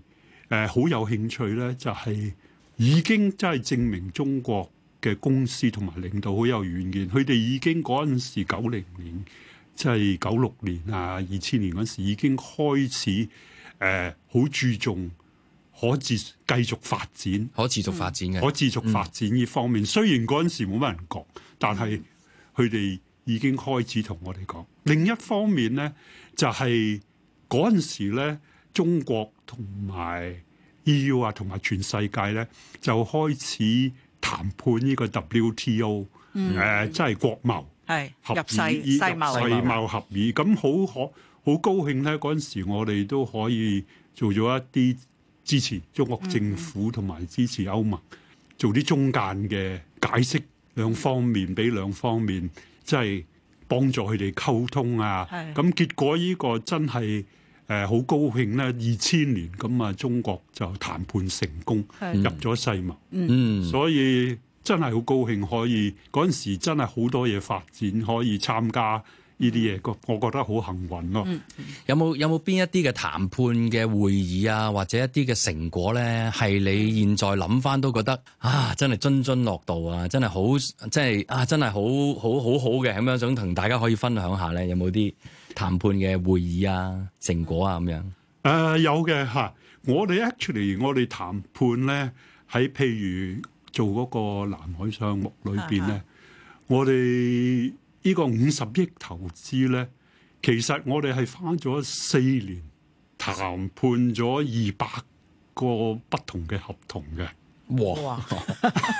誒好有興趣咧，就係、是、已經真係證明中國嘅公司同埋領導好有遠見，佢哋已經嗰陣時九零年即係九六年啊二千年嗰時已經開始。誒，好、呃、注重可自繼，繼續發展，可持續發展嘅，嗯、可持續發展呢方面，嗯、雖然嗰陣時冇乜人講，嗯、但係佢哋已經開始同我哋講。另一方面咧，就係嗰陣時咧，中國同埋 EU 啊，同埋全世界咧，就開始談判呢個 WTO，誒、嗯，即係、呃、國貿，係、嗯、合議議世貿，世貿合議，咁好可。好高興咧！嗰陣時我哋都可以做咗一啲支持中國政府同埋支持歐盟，嗯、做啲中間嘅解釋兩方面，俾兩方面即係、就是、幫助佢哋溝通啊。咁是結果呢個真係誒好高興咧！二千年咁啊，中國就談判成功是入咗世貿、嗯。嗯，所以真係好高興可以嗰陣時真係好多嘢發展可以參加。呢啲嘢，我我覺得好幸運咯、嗯嗯。有冇有冇邊一啲嘅談判嘅會議啊，或者一啲嘅成果咧？係你現在諗返都覺得啊，真係津津樂道啊，真係好，即係啊，真係好好,好好好好嘅咁樣，想同大家可以分享下咧。有冇啲談判嘅會議啊，成果啊咁樣？誒、嗯呃、有嘅嚇、啊，我哋 actually 我哋談判咧，喺譬如做嗰個南海項目裏邊咧，嗯嗯、我哋。呢個五十億投資咧，其實我哋係返咗四年談判咗二百個不同嘅合同嘅。哇！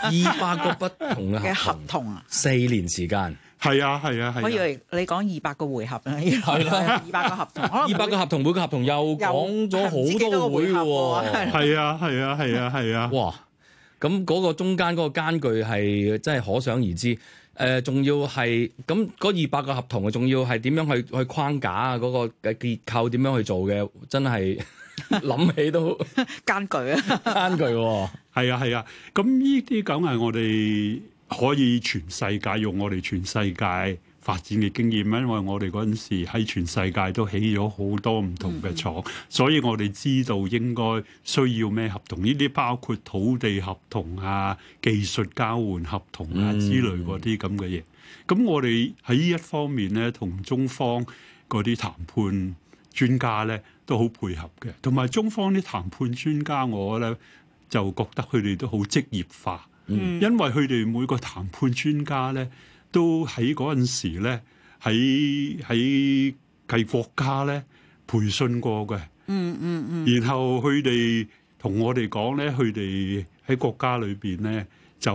二百個不同嘅合同啊！四年時間，係啊係啊係啊！我以為你講二百個回合啊，係啦，二百個合同，二百個合同每個合同又講咗好多會喎。係啊係啊係啊係啊！哇！咁嗰個中間嗰個間距係真係可想而知。誒仲、呃、要係咁嗰二百個合同啊，仲要係點樣去去框架啊？嗰、嗰個結構點樣去做嘅？真係諗 起都艱 艦巨啊！艱巨喎，係啊係啊，咁呢啲梗係我哋可以全世界用，我哋全世界。發展嘅經驗，因為我哋嗰陣時喺全世界都起咗好多唔同嘅廠，mm hmm. 所以我哋知道應該需要咩合同，呢啲包括土地合同啊、技術交換合同啊之類嗰啲咁嘅嘢。咁、mm hmm. 我哋喺呢一方面呢，同中方嗰啲談判專家呢都好配合嘅。同埋中方啲談判專家，我呢就覺得佢哋都好職業化，mm hmm. 因為佢哋每個談判專家呢，都喺嗰陣時咧，喺喺計國家咧培訓過嘅、嗯，嗯嗯嗯，然後佢哋同我哋講咧，佢哋喺國家裏邊咧就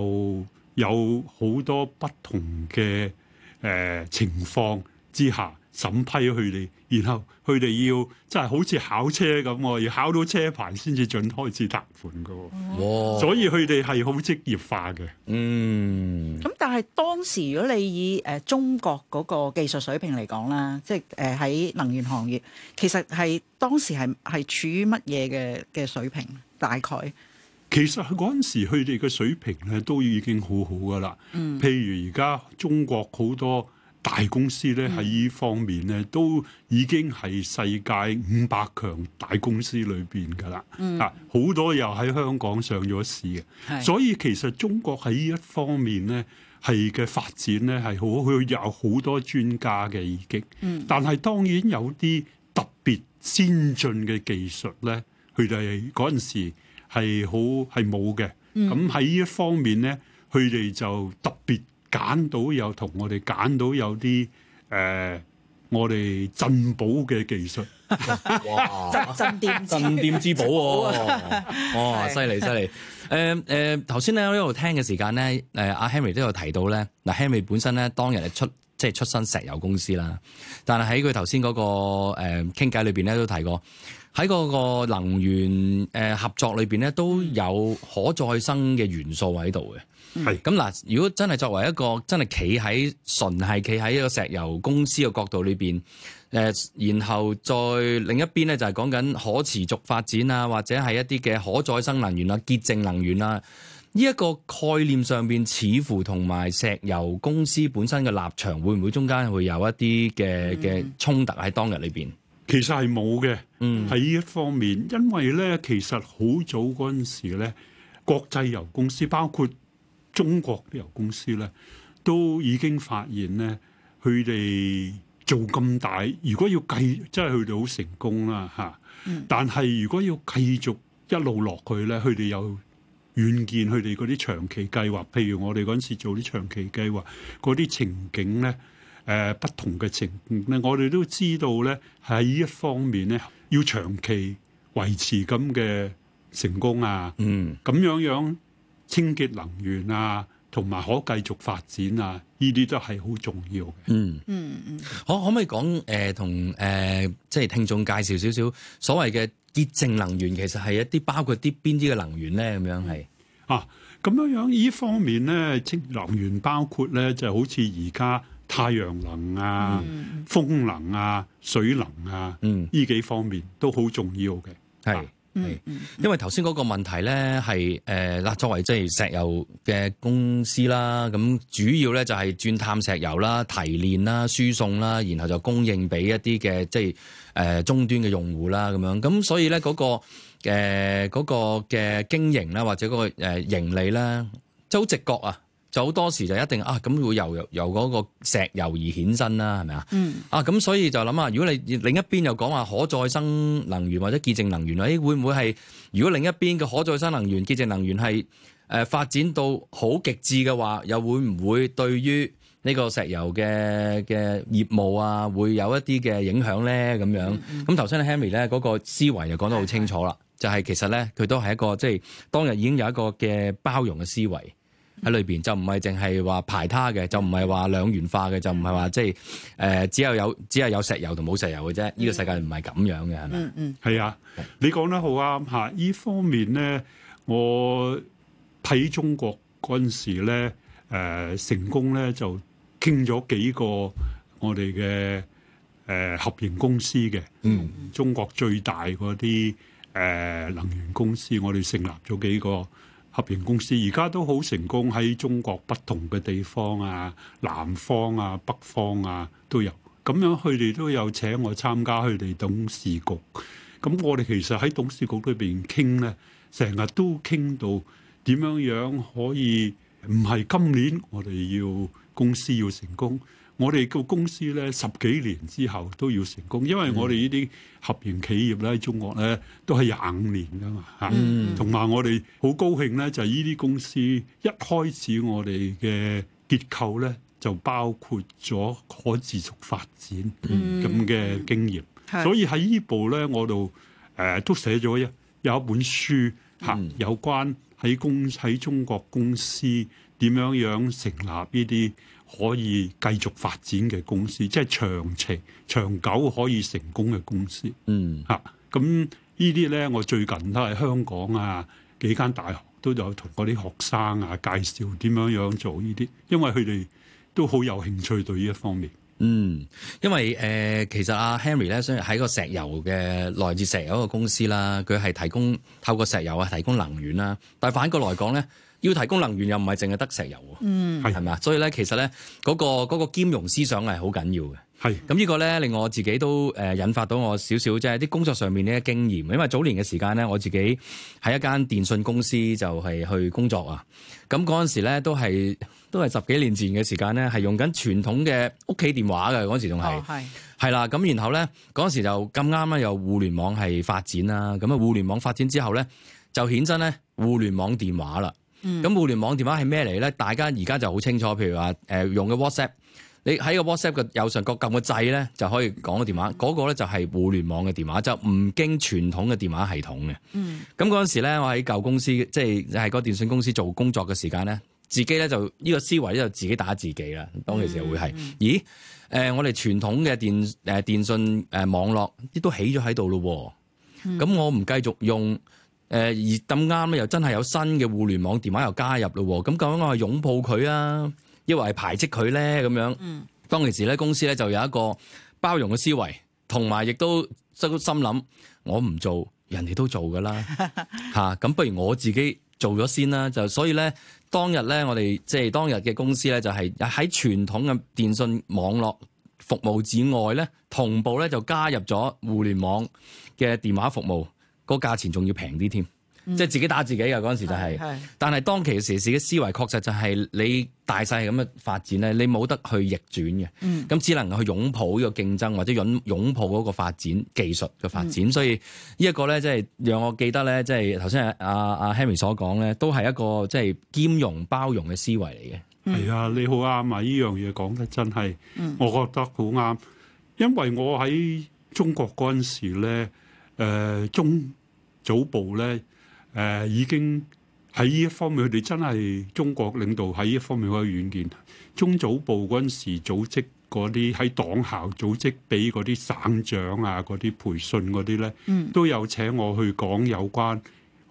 有好多不同嘅誒、呃、情況之下審批佢哋。然後佢哋要真係好似考車咁喎，要考到車牌先至準開始貸款噶喎。哇所以佢哋係好職業化嘅。嗯。咁但係當時如果你以誒中國嗰個技術水平嚟講啦，即係誒喺能源行業，其實係當時係係處於乜嘢嘅嘅水平？大概？嗯、其實嗰陣時佢哋嘅水平咧都已經好好噶啦。譬如而家中國好多。大公司咧，喺呢方面咧，都已經係世界五百強大公司裏邊噶啦。啊好、嗯、多又喺香港上咗市嘅。的所以其實中國喺呢一方面咧，係嘅發展咧係好，佢有好多專家嘅已經。但係當然有啲特別先進嘅技術咧，佢哋嗰陣時，係好係冇嘅，咁喺呢一方面咧，佢哋就特別。揀到有同我哋揀到有啲誒、呃，我哋鎮寶嘅技術，鎮店鎮店之寶喎、啊，犀利犀利！誒誒，頭先咧喺度聽嘅時間咧，誒、啊、阿 Henry 都有提到咧，嗱、啊、Henry 本身咧當日係出即係出身石油公司啦，但係喺佢頭先嗰個誒傾偈裏邊咧都提過，喺嗰個能源誒、呃、合作裏邊咧都有可再生嘅元素喺度嘅。係咁嗱，是嗯、如果真係作為一個真係企喺純係企喺一個石油公司嘅角度裏邊，誒、呃，然後再另一邊咧就係、是、講緊可持續發展啊，或者係一啲嘅可再生能源啦、啊、潔淨能源啦、啊，呢、這、一個概念上邊似乎同埋石油公司本身嘅立場會唔會中間會有一啲嘅嘅衝突喺當日裏邊？其實係冇嘅，嗯，喺呢一方面，因為咧其實好早嗰陣時咧，國際油公司包括。中國旅遊公司咧，都已經發現咧，佢哋做咁大，如果要繼續，真係佢哋好成功啦，吓。但係如果要繼續一路落去咧，佢哋有遠見，佢哋嗰啲長期計劃，譬如我哋嗰陣時做啲長期計劃嗰啲情景咧，誒、呃，不同嘅情景咧，我哋都知道咧，喺呢一方面咧，要長期維持咁嘅成功啊，咁、嗯、樣樣。清潔能源啊，同埋可繼續發展啊，呢啲都係好重要嘅。嗯嗯嗯，可可唔可以講誒，同、呃、誒、呃、即係聽眾介紹少少所謂嘅潔淨能源，其實係一啲包括啲邊啲嘅能源咧？咁樣係啊，咁樣樣呢方面咧，清潔能源包括咧，就好似而家太陽能啊、嗯、風能啊、水能啊，呢、嗯、幾方面都好重要嘅，係。係因為頭先嗰個問題咧，係誒嗱，作為即係石油嘅公司啦，咁主要咧就係鑽探石油啦、提煉啦、輸送啦，然後就供應俾一啲嘅即係誒終端嘅用戶啦，咁樣咁，所以咧嗰個誒嗰個嘅經營啦，或者嗰個誒盈利咧，就好直覺啊。就好多時就一定啊，咁會由由由嗰個石油而衍生啦，係咪、嗯、啊？啊咁，所以就諗下，如果你另一邊又講話可再生能源或者潔淨能源啊，誒、欸、會唔會係如果另一邊嘅可再生能源、潔淨能源係誒、呃、發展到好極致嘅話，又會唔會對於呢個石油嘅嘅業務啊，會有一啲嘅影響咧？咁樣咁，頭先 Henry 咧嗰個思維就講得好清楚啦，嗯嗯就係其實咧佢都係一個即係當日已經有一個嘅包容嘅思維。喺裏邊就唔係淨係話排他嘅，就唔係話兩元化嘅，嗯、就唔係話即係誒，只有有只係有，有石油同冇石油嘅啫。呢、嗯、個世界唔係咁樣嘅，係咪？嗯嗯吧，係啊，你講得好啱、啊、吓。呢、啊、方面咧，我喺中國嗰陣時咧，誒、呃、成功咧就傾咗幾個我哋嘅誒合營公司嘅，嗯，中國最大嗰啲誒能源公司，我哋成立咗幾個。合營公司而家都好成功，喺中國不同嘅地方啊，南方啊、北方啊都有咁樣，佢哋都有請我參加佢哋董事局。咁我哋其實喺董事局裏邊傾呢，成日都傾到點樣樣可以唔係今年我哋要公司要成功。我哋個公司咧十幾年之後都要成功，因為我哋呢啲合營企業咧喺中國咧都係廿五年㗎嘛，嚇、嗯。同埋我哋好高興咧，就係呢啲公司一開始我哋嘅結構咧就包括咗可持續發展咁嘅經驗。嗯、所以喺呢部咧，我度誒都寫咗一有一本書嚇，有關喺公喺中國公司點樣樣成立呢啲。可以繼續發展嘅公司，即係長期、長久可以成功嘅公司。嗯，嚇、啊，咁呢啲咧，我最近都喺香港啊，幾間大學都有同嗰啲學生啊介紹點樣樣做呢啲，因為佢哋都好有興趣對呢一方面。嗯，因為誒、呃，其實阿、啊、Henry 咧，雖然喺個石油嘅來自石油個公司啦，佢係提供透過石油啊提供能源啦，但係反過來講咧。要提供能源又唔係淨係得石油喎，係咪啊？所以咧，其實咧嗰個嗰個兼容思想係好緊要嘅。係咁是呢個咧令我自己都誒引發到我少少即係啲工作上面呢個經驗。因為早年嘅時間咧，我自己喺一間電信公司就係去工作啊。咁嗰陣時咧都係都係十幾年前嘅時間咧，係用緊傳統嘅屋企電話嘅，嗰陣時仲係係啦。咁、哦、然後咧嗰陣時就咁啱咧，有互聯網係發展啦。咁啊，互聯網發展之後咧就衍生咧互聯網電話啦。咁、嗯、互聯網電話係咩嚟咧？大家而家就好清楚。譬如話，誒、呃、用嘅 WhatsApp，你喺個 WhatsApp 嘅右上角撳個掣咧，就可以講個電話。嗰、嗯、個咧就係互聯網嘅電話，就唔、是、經傳統嘅電話系統嘅。咁嗰陣時咧，我喺舊公司，即係喺個電信公司做工作嘅時間咧，自己咧就呢、這個思維咧就自己打自己啦。當其時就會係，嗯嗯、咦？誒、呃、我哋傳統嘅電誒電信誒網絡，亦都起咗喺度咯。咁、嗯、我唔繼續用。誒而咁啱咧，又真係有新嘅互聯網電話又加入咯喎，咁究竟我係擁抱佢啊，抑或係排斥佢咧？咁樣，嗯、當其時咧，公司咧就有一個包容嘅思維，同埋亦都都心諗我唔做，人哋都做㗎啦，嚇、 啊！咁不如我自己做咗先啦。就所以咧，當日咧，我哋即係當日嘅公司咧，就係喺傳統嘅電信網絡服務之外咧，同步咧就加入咗互聯網嘅電話服務。個價錢仲要平啲添，嗯、即係自己打自己嘅嗰陣時就係、是。但係當其時自己思維確實就係、是、你大細咁嘅發展咧，你冇得去逆轉嘅。咁、嗯、只能去擁抱呢個競爭，或者擁擁抱嗰個發展技術嘅發展。嗯、所以呢、這、一個咧，即係讓我記得咧，即係頭先阿阿，阿 Henry 所講咧，都係一個即係兼容包容嘅思維嚟嘅。係啊，你好啱啊！呢樣嘢講得真係，嗯、我覺得好啱，因為我喺中國嗰陣時咧，誒、呃、中。早部咧，誒、呃，已經喺呢一方面，佢哋真係中國領導喺呢一方面好有遠見。中組部嗰陣時，組織嗰啲喺黨校組織，俾嗰啲省長啊，嗰啲培訓嗰啲咧，都有請我去講有關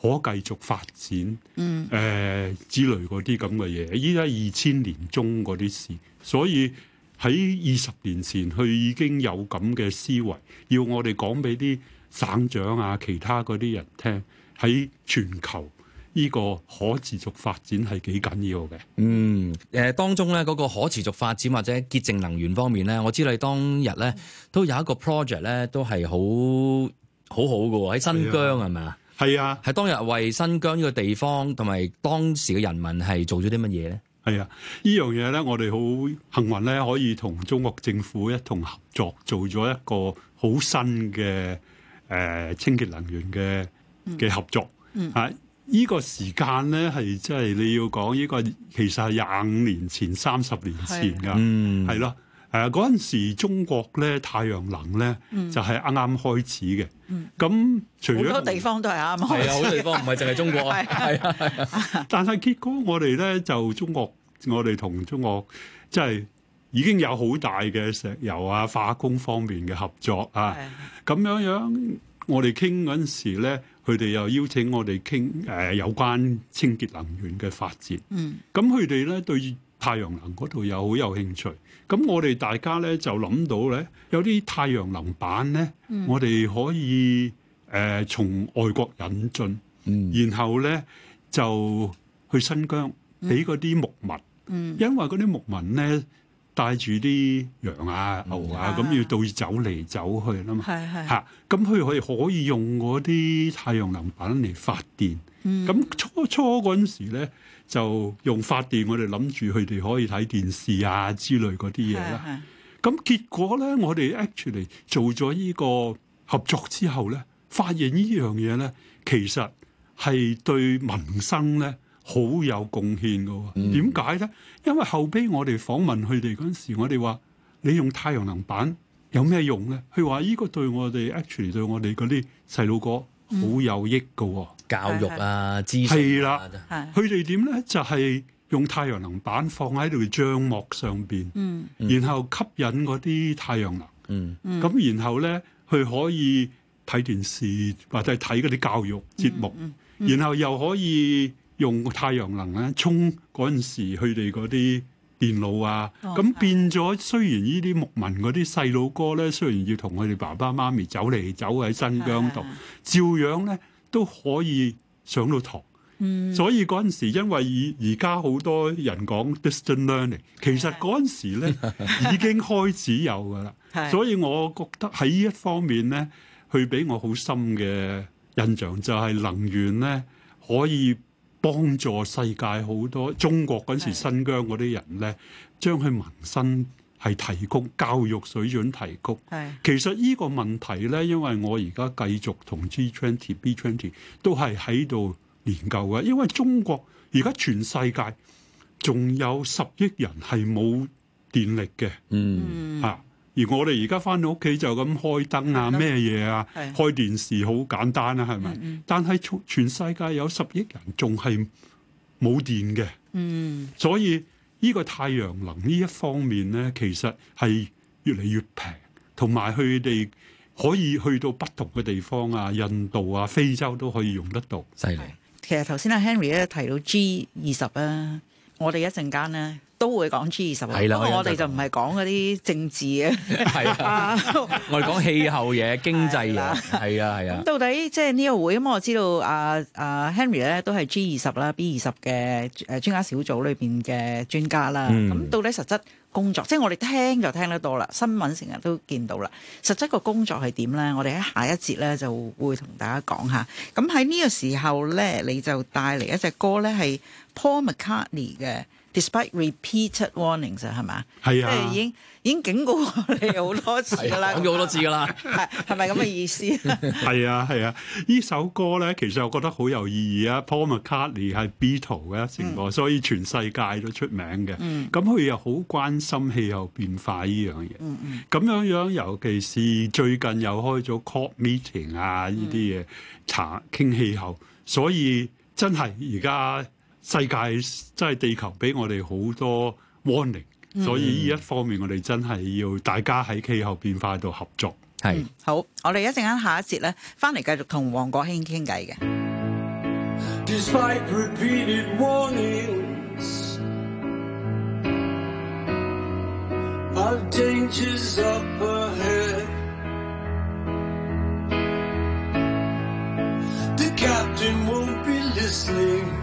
可繼續發展，嗯、呃，誒之類嗰啲咁嘅嘢。依家二千年中嗰啲事，所以喺二十年前，佢已經有咁嘅思維，要我哋講俾啲。省長啊，其他嗰啲人聽喺全球呢個可持續發展係幾緊要嘅。嗯，誒、呃、當中咧嗰、嗰個可持續發展或者潔淨能源方面咧，我知你當日咧都有一個 project 咧，都係好好好嘅喎。喺新疆係咪啊？係吧啊，係當日為新疆呢個地方同埋當時嘅人民係做咗啲乜嘢咧？係啊，樣呢樣嘢咧，我哋好幸運咧，可以同中國政府一同合作做咗一個好新嘅。誒，清潔能源嘅嘅合作，嗯、啊，依、這個時間咧係即係你要講呢、這個，其實係廿五年前、三十年前㗎，係咯是，誒嗰陣時中國咧太陽能咧就係啱啱開始嘅，咁、嗯、除咗好多地方都係啱啱，係啊，好多地方唔係淨係中國，係啊，但係結果我哋咧就中國，我哋同中國即係。就是已經有好大嘅石油啊、化工方面嘅合作啊，咁的樣樣我哋傾嗰陣時咧，佢哋又邀請我哋傾誒有關清潔能源嘅發展。嗯，咁佢哋咧對太陽能嗰度又好有興趣。咁我哋大家咧就諗到咧，有啲太陽能板咧，嗯、我哋可以誒、呃、從外國引進。嗯、然後咧就去新疆俾嗰啲牧民。嗯，因為嗰啲牧民咧。帶住啲羊啊、牛啊，咁要到走嚟走去啦嘛。係係。嚇，咁佢可以可以用嗰啲太陽能板嚟發電。嗯。咁初初嗰陣時咧，就用發電，我哋諗住佢哋可以睇電視啊之類嗰啲嘢啦。係係。咁結果咧，我哋 actually 做咗呢個合作之後咧，發現呢樣嘢咧，其實係對民生咧。好有貢獻嘅，點解咧？因為後尾我哋訪問佢哋嗰陣時，我哋話你用太陽能板有咩用咧？佢話呢個對我哋，actually 對我哋嗰啲細路哥好有益嘅教育啊，知識係啦。佢哋點咧？就係、是、用太陽能板放喺度帳幕上邊，嗯嗯、然後吸引嗰啲太陽能咁，嗯、然後咧佢可以睇電視或者睇嗰啲教育節目，嗯嗯嗯、然後又可以。用太陽能咧充嗰陣時，佢哋嗰啲電腦啊，咁、哦、變咗。雖然呢啲牧民嗰啲細路哥咧，雖然要同佢哋爸爸媽咪走嚟走喺新疆度，的照樣咧都可以上到堂。嗯、所以嗰陣時，因為而而家好多人講「Distant Learning」，其實嗰陣時咧的已經開始有噶啦。的所以我覺得喺呢一方面咧，佢俾我好深嘅印象就係能源咧可以。幫助世界好多中國嗰陣時新疆嗰啲人咧，將佢民生係提高，教育水準提高。其實呢個問題咧，因為我而家繼續同 G twenty B twenty 都係喺度研究嘅，因為中國而家全世界仲有十億人係冇電力嘅。嗯啊。而我哋而家返到屋企就咁開燈啊咩嘢啊，開電視好簡單啦啊，係咪？但係全世界有十億人仲係冇電嘅，嗯。所以呢個太陽能呢一方面咧，其實係越嚟越平，同埋佢哋可以去到不同嘅地方啊，印度啊、非洲都可以用得到。犀利。其實頭先阿 Henry 咧提到 G 二十啊，我哋一陣間咧。都會講 G 二十的，咁我哋就唔係講嗰啲政治啊，我哋講氣候嘢、經濟嘢，係啊係啊。到底即係呢個會，因為我知道阿阿、uh, uh, Henry 咧都係 G 二十啦、B 二十嘅誒專家小組裏邊嘅專家啦。咁、嗯、到底實質工作，即、就、係、是、我哋聽就聽得多啦，新聞成日都見到啦。實質個工作係點咧？我哋喺下一節咧就會同大家講下。咁喺呢個時候咧，你就帶嚟一隻歌咧，係 Paul McCartney 嘅。Despite repeated warnings 啊，係嘛？係啊，即係已經已經警告過你好多次噶啦、 啊，講咗好多次噶啦，係係咪咁嘅意思？係啊係啊，呢、啊啊、首歌咧，其實我覺得好有意義啊。Paul McCartney 係 Beatles 嘅成個，mm. 所以全世界都出名嘅。嗯，咁佢又好關心氣候變化呢樣嘢。嗯咁樣樣，尤其是最近又開咗 Co Meeting 啊呢啲嘢，查傾、mm. 氣候，所以真係而家。世界即係地球俾我哋好多 warning，、嗯、所以呢一方面我哋真係要大家喺氣候變化度合作。係是好，我哋一陣間下一節咧，翻嚟繼續同王國興傾偈嘅。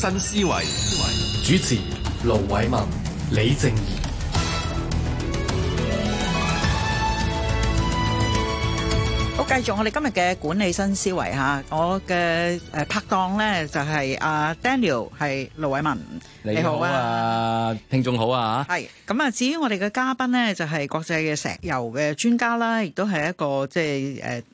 新思維主持盧偉民李靜宜，好，繼續我哋今日嘅管理新思維吓，我嘅誒拍檔咧就係阿 Daniel，係盧偉民，你好啊，聽眾好啊吓，係，咁啊，至於我哋嘅嘉賓咧，就係國際嘅石油嘅專家啦，亦都係一個即係誒。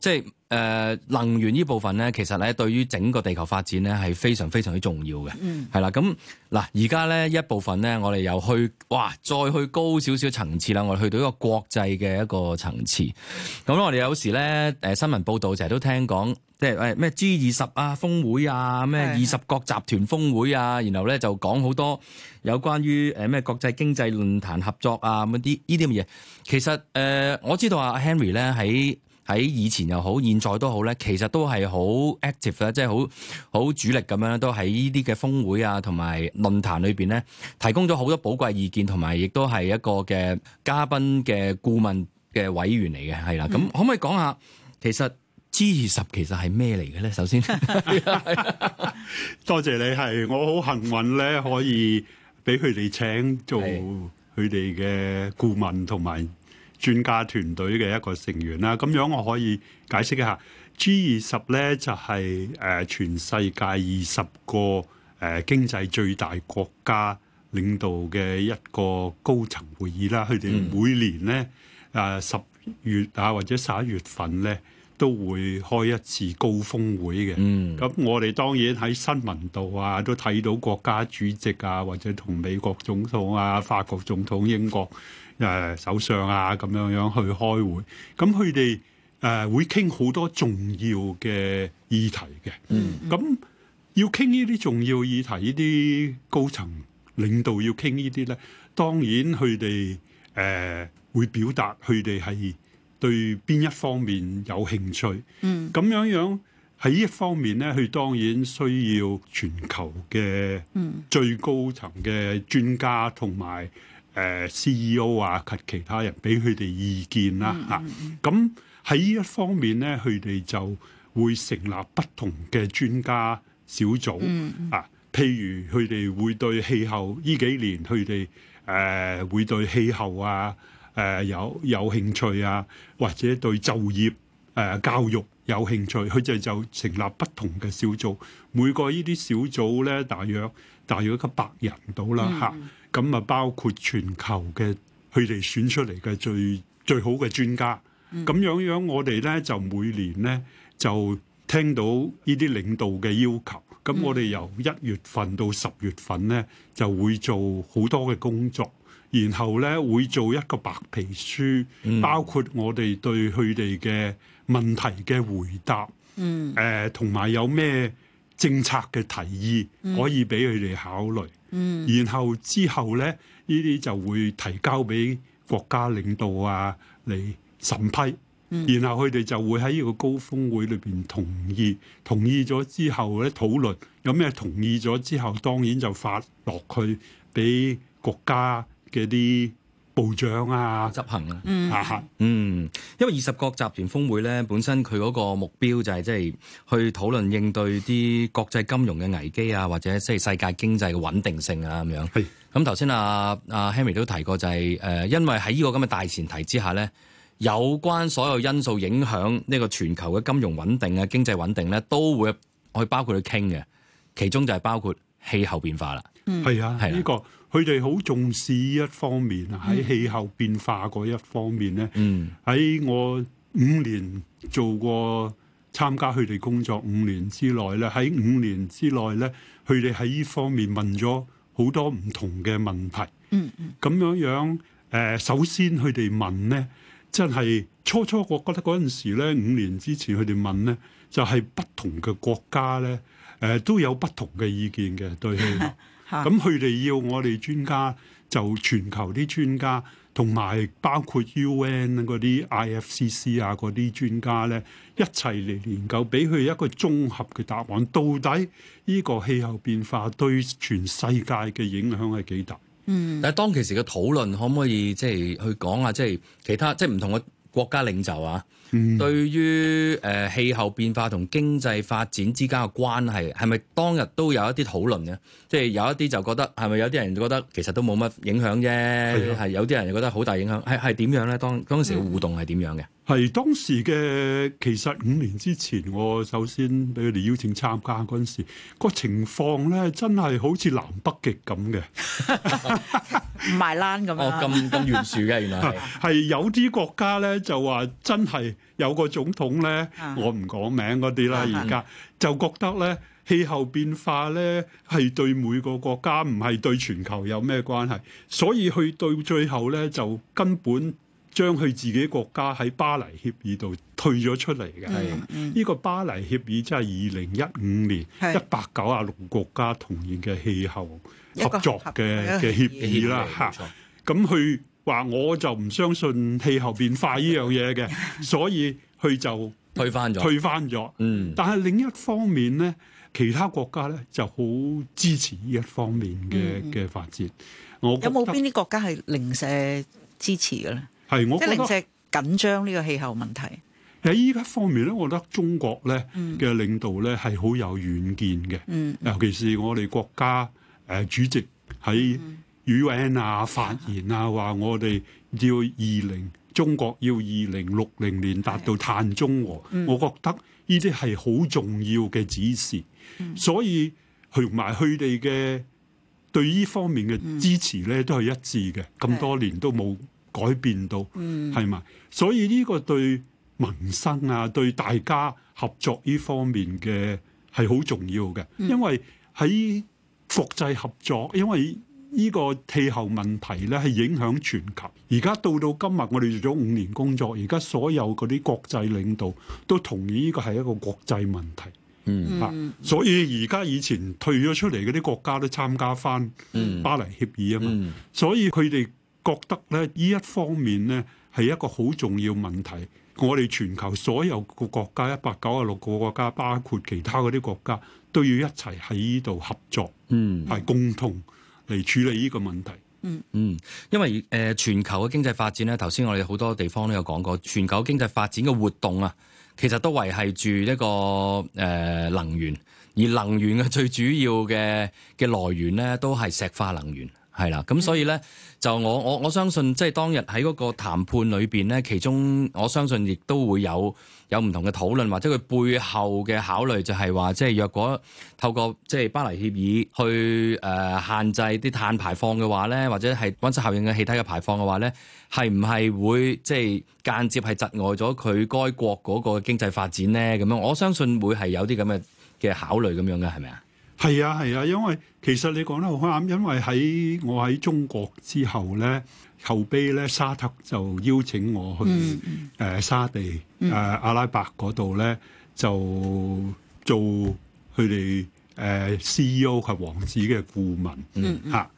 即係誒、呃、能源呢部分咧，其實咧對於整個地球發展咧係非常非常之重要嘅，係啦、嗯。咁嗱，而家咧一部分咧，我哋又去哇，再去高少少層次啦。我哋去到一個國際嘅一個層次。咁我哋有時咧誒新聞報道成日都聽講，即係誒咩 G 二十啊，峰會啊，咩二十國集團峰會啊，然後咧就講好多有關於誒咩、哎、國際經濟論壇合作啊啲呢啲咁嘅嘢。其實誒、呃、我知道啊，Henry 咧喺，喺以前又好，現在都好咧，其實都係好 active 咧，即係好好主力咁樣，都喺呢啲嘅峰會啊，同埋論壇裏邊咧，提供咗好多寶貴意見，同埋亦都係一個嘅嘉賓嘅顧問嘅委員嚟嘅，係啦。咁可唔可以講下，其實 G20 其實係咩嚟嘅咧？首先，多謝你，係我好幸運咧，可以俾佢哋請做佢哋嘅顧問同埋。專家團隊嘅一個成員啦，咁樣我可以解釋一下 G 二十咧，就係誒全世界二十個誒經濟最大國家領導嘅一個高層會議啦。佢哋每年咧誒十月啊，或者十一月份咧都會開一次高峰會嘅。嗯，咁我哋當然喺新聞度啊都睇到國家主席啊，或者同美國總統啊，法國總統英國。誒首相啊，咁樣樣去開會，咁佢哋誒會傾好多重要嘅議題嘅。嗯，咁要傾呢啲重要議題，呢啲高層領導要傾呢啲咧，當然佢哋誒會表達佢哋係對邊一方面有興趣。嗯，咁樣樣喺呢一方面咧，佢當然需要全球嘅最高層嘅專家同埋。誒 C.E.O 啊，及其他人俾佢哋意見啦嚇，咁喺依一方面咧，佢哋就會成立不同嘅專家小組啊。譬如佢哋會對氣候依幾年佢哋誒會對氣候啊誒有有興趣啊，或者對就業誒教育有興趣，佢哋就成立不同嘅小組。每個依啲小組咧，大約大約一百人到啦嚇。咁啊，包括全球嘅佢哋選出嚟嘅最最好嘅專家，咁樣、嗯、樣我哋咧就每年咧就聽到呢啲領導嘅要求，咁、嗯、我哋由一月份到十月份咧就會做好多嘅工作，然後咧會做一個白皮書，嗯、包括我哋對佢哋嘅問題嘅回答，誒同埋有咩政策嘅提議可以俾佢哋考慮。嗯，然後之後咧，呢啲就會提交俾國家領導啊嚟審批，然後佢哋就會喺呢個高峰會裏邊同意，同意咗之後咧，討論有咩同意咗之後，當然就發落去俾國家嘅啲部長啊，執行啊，嚇嚇、嗯，嗯，因為二十國集團峰會咧，本身佢嗰個目標就係即係去討論應對啲國際金融嘅危機啊，或者即係世界經濟嘅穩定性啊咁樣。係。咁頭先阿啊、啊 Henry 都提過、就係，就係誒，因為喺呢個咁嘅大前提之下咧，有關所有因素影響呢個全球嘅金融穩定啊、經濟穩定咧，都會去包括去傾嘅。其中就係包括氣候變化啦。嗯，係啊，係啦，呢個。佢哋好重視，一方面喺氣候變化嗰一方面咧，喺我五年做過參加佢哋工作五年之內咧，喺五年之內咧，佢哋喺呢方面問咗好多唔同嘅問題。咁樣樣，誒、呃，首先佢哋問咧，真係初初我覺得嗰陣時咧，五年之前佢哋問咧，就係、是、不同嘅國家咧，誒、呃、都有不同嘅意見嘅對氣候 咁佢哋要我哋專家就全球啲專家，同埋包括 UN 嗰啲 IFCC 啊嗰啲專家咧，一齊嚟研究，俾佢一個綜合嘅答案。到底呢個氣候變化對全世界嘅影響係幾大？嗯，但係當其時嘅討論可唔可以即係去講啊？即係其他即係唔同嘅國家領袖啊？對於誒、呃、氣候變化同經濟發展之間嘅關係，係咪當日都有一啲討論嘅？即係有一啲就覺得係咪有啲人就覺得其實都冇乜影響啫？係的有啲人就覺得好大影響，係係點樣呢？當當時嘅互動係點樣嘅？嗯係當時嘅，其實五年之前，我首先俾佢哋邀請參加嗰陣時，個情況咧真係好似南北極咁嘅，唔係爛咁樣。哦，咁咁懸殊嘅，原來係。係有啲國家咧就話真係有個總統咧， 我唔講名嗰啲啦，而家就覺得咧氣候變化咧係對每個國家唔係對全球有咩關係，所以去到最後咧就根本。將佢自己國家喺巴黎協議度退咗出嚟嘅，係呢、嗯、個巴黎協議即係二零一五年一百九啊六國家同意嘅氣候合作嘅嘅協議啦嚇。咁佢話我就唔相信氣候變化呢樣嘢嘅，所以佢就退翻咗，退翻咗。嗯。但係另一方面咧，其他國家咧就好支持呢一方面嘅嘅發展。嗯嗯、我覺有冇邊啲國家係零舍支持嘅咧？係，我覺得零舍緊張呢個氣候問題。喺依家方面咧，我覺得中國咧嘅領導咧係好有遠見嘅。尤其是我哋國家誒主席喺 UN 啊發言啊，話我哋要二零中國要二零六零年達到碳中和。我覺得呢啲係好重要嘅指示。所以，同埋佢哋嘅對呢方面嘅支持咧都係一致嘅。咁多年都冇。改變到係嘛？所以呢個對民生啊，對大家合作呢方面嘅係好重要嘅。因為喺國際合作，因為呢個氣候問題咧係影響全球。而家到到今日，我哋做咗五年工作，而家所有嗰啲國際領導都同意呢個係一個國際問題。嗯啊，所以而家以前退咗出嚟嗰啲國家都參加返巴黎協議啊嘛，嗯嗯、所以佢哋覺得咧，呢一方面呢係一個好重要問題。我哋全球所有個國家，一百九十六個國家，包括其他嗰啲國家，都要一齊喺呢度合作，嗯，係共同嚟處理呢個問題。嗯嗯，因為誒、呃、全球嘅經濟發展呢，頭先我哋好多地方都有講過，全球經濟發展嘅活動啊，其實都維係住一個誒、呃、能源，而能源嘅最主要嘅嘅來源呢，都係石化能源。係啦，咁所以咧，就我我我相信，即係當日喺嗰個談判裏邊咧，其中我相信亦都會有有唔同嘅討論，或者佢背後嘅考慮就係話，即係若果透過即係巴黎協議去誒限制啲碳排放嘅話咧，或者係溫室效應嘅氣體嘅排放嘅話咧，係唔係會即係間接係窒礙咗佢該國嗰個經濟發展咧？咁樣，我相信會係有啲咁嘅嘅考慮咁樣嘅，係咪啊？係啊，係啊，因為。其實你講得好啱，因為喺我喺中國之後咧，後輩咧沙特就邀請我去誒沙地誒、嗯嗯啊、阿拉伯嗰度咧，就做佢哋誒 C E O 及王子嘅顧問嚇。咁、嗯嗯啊、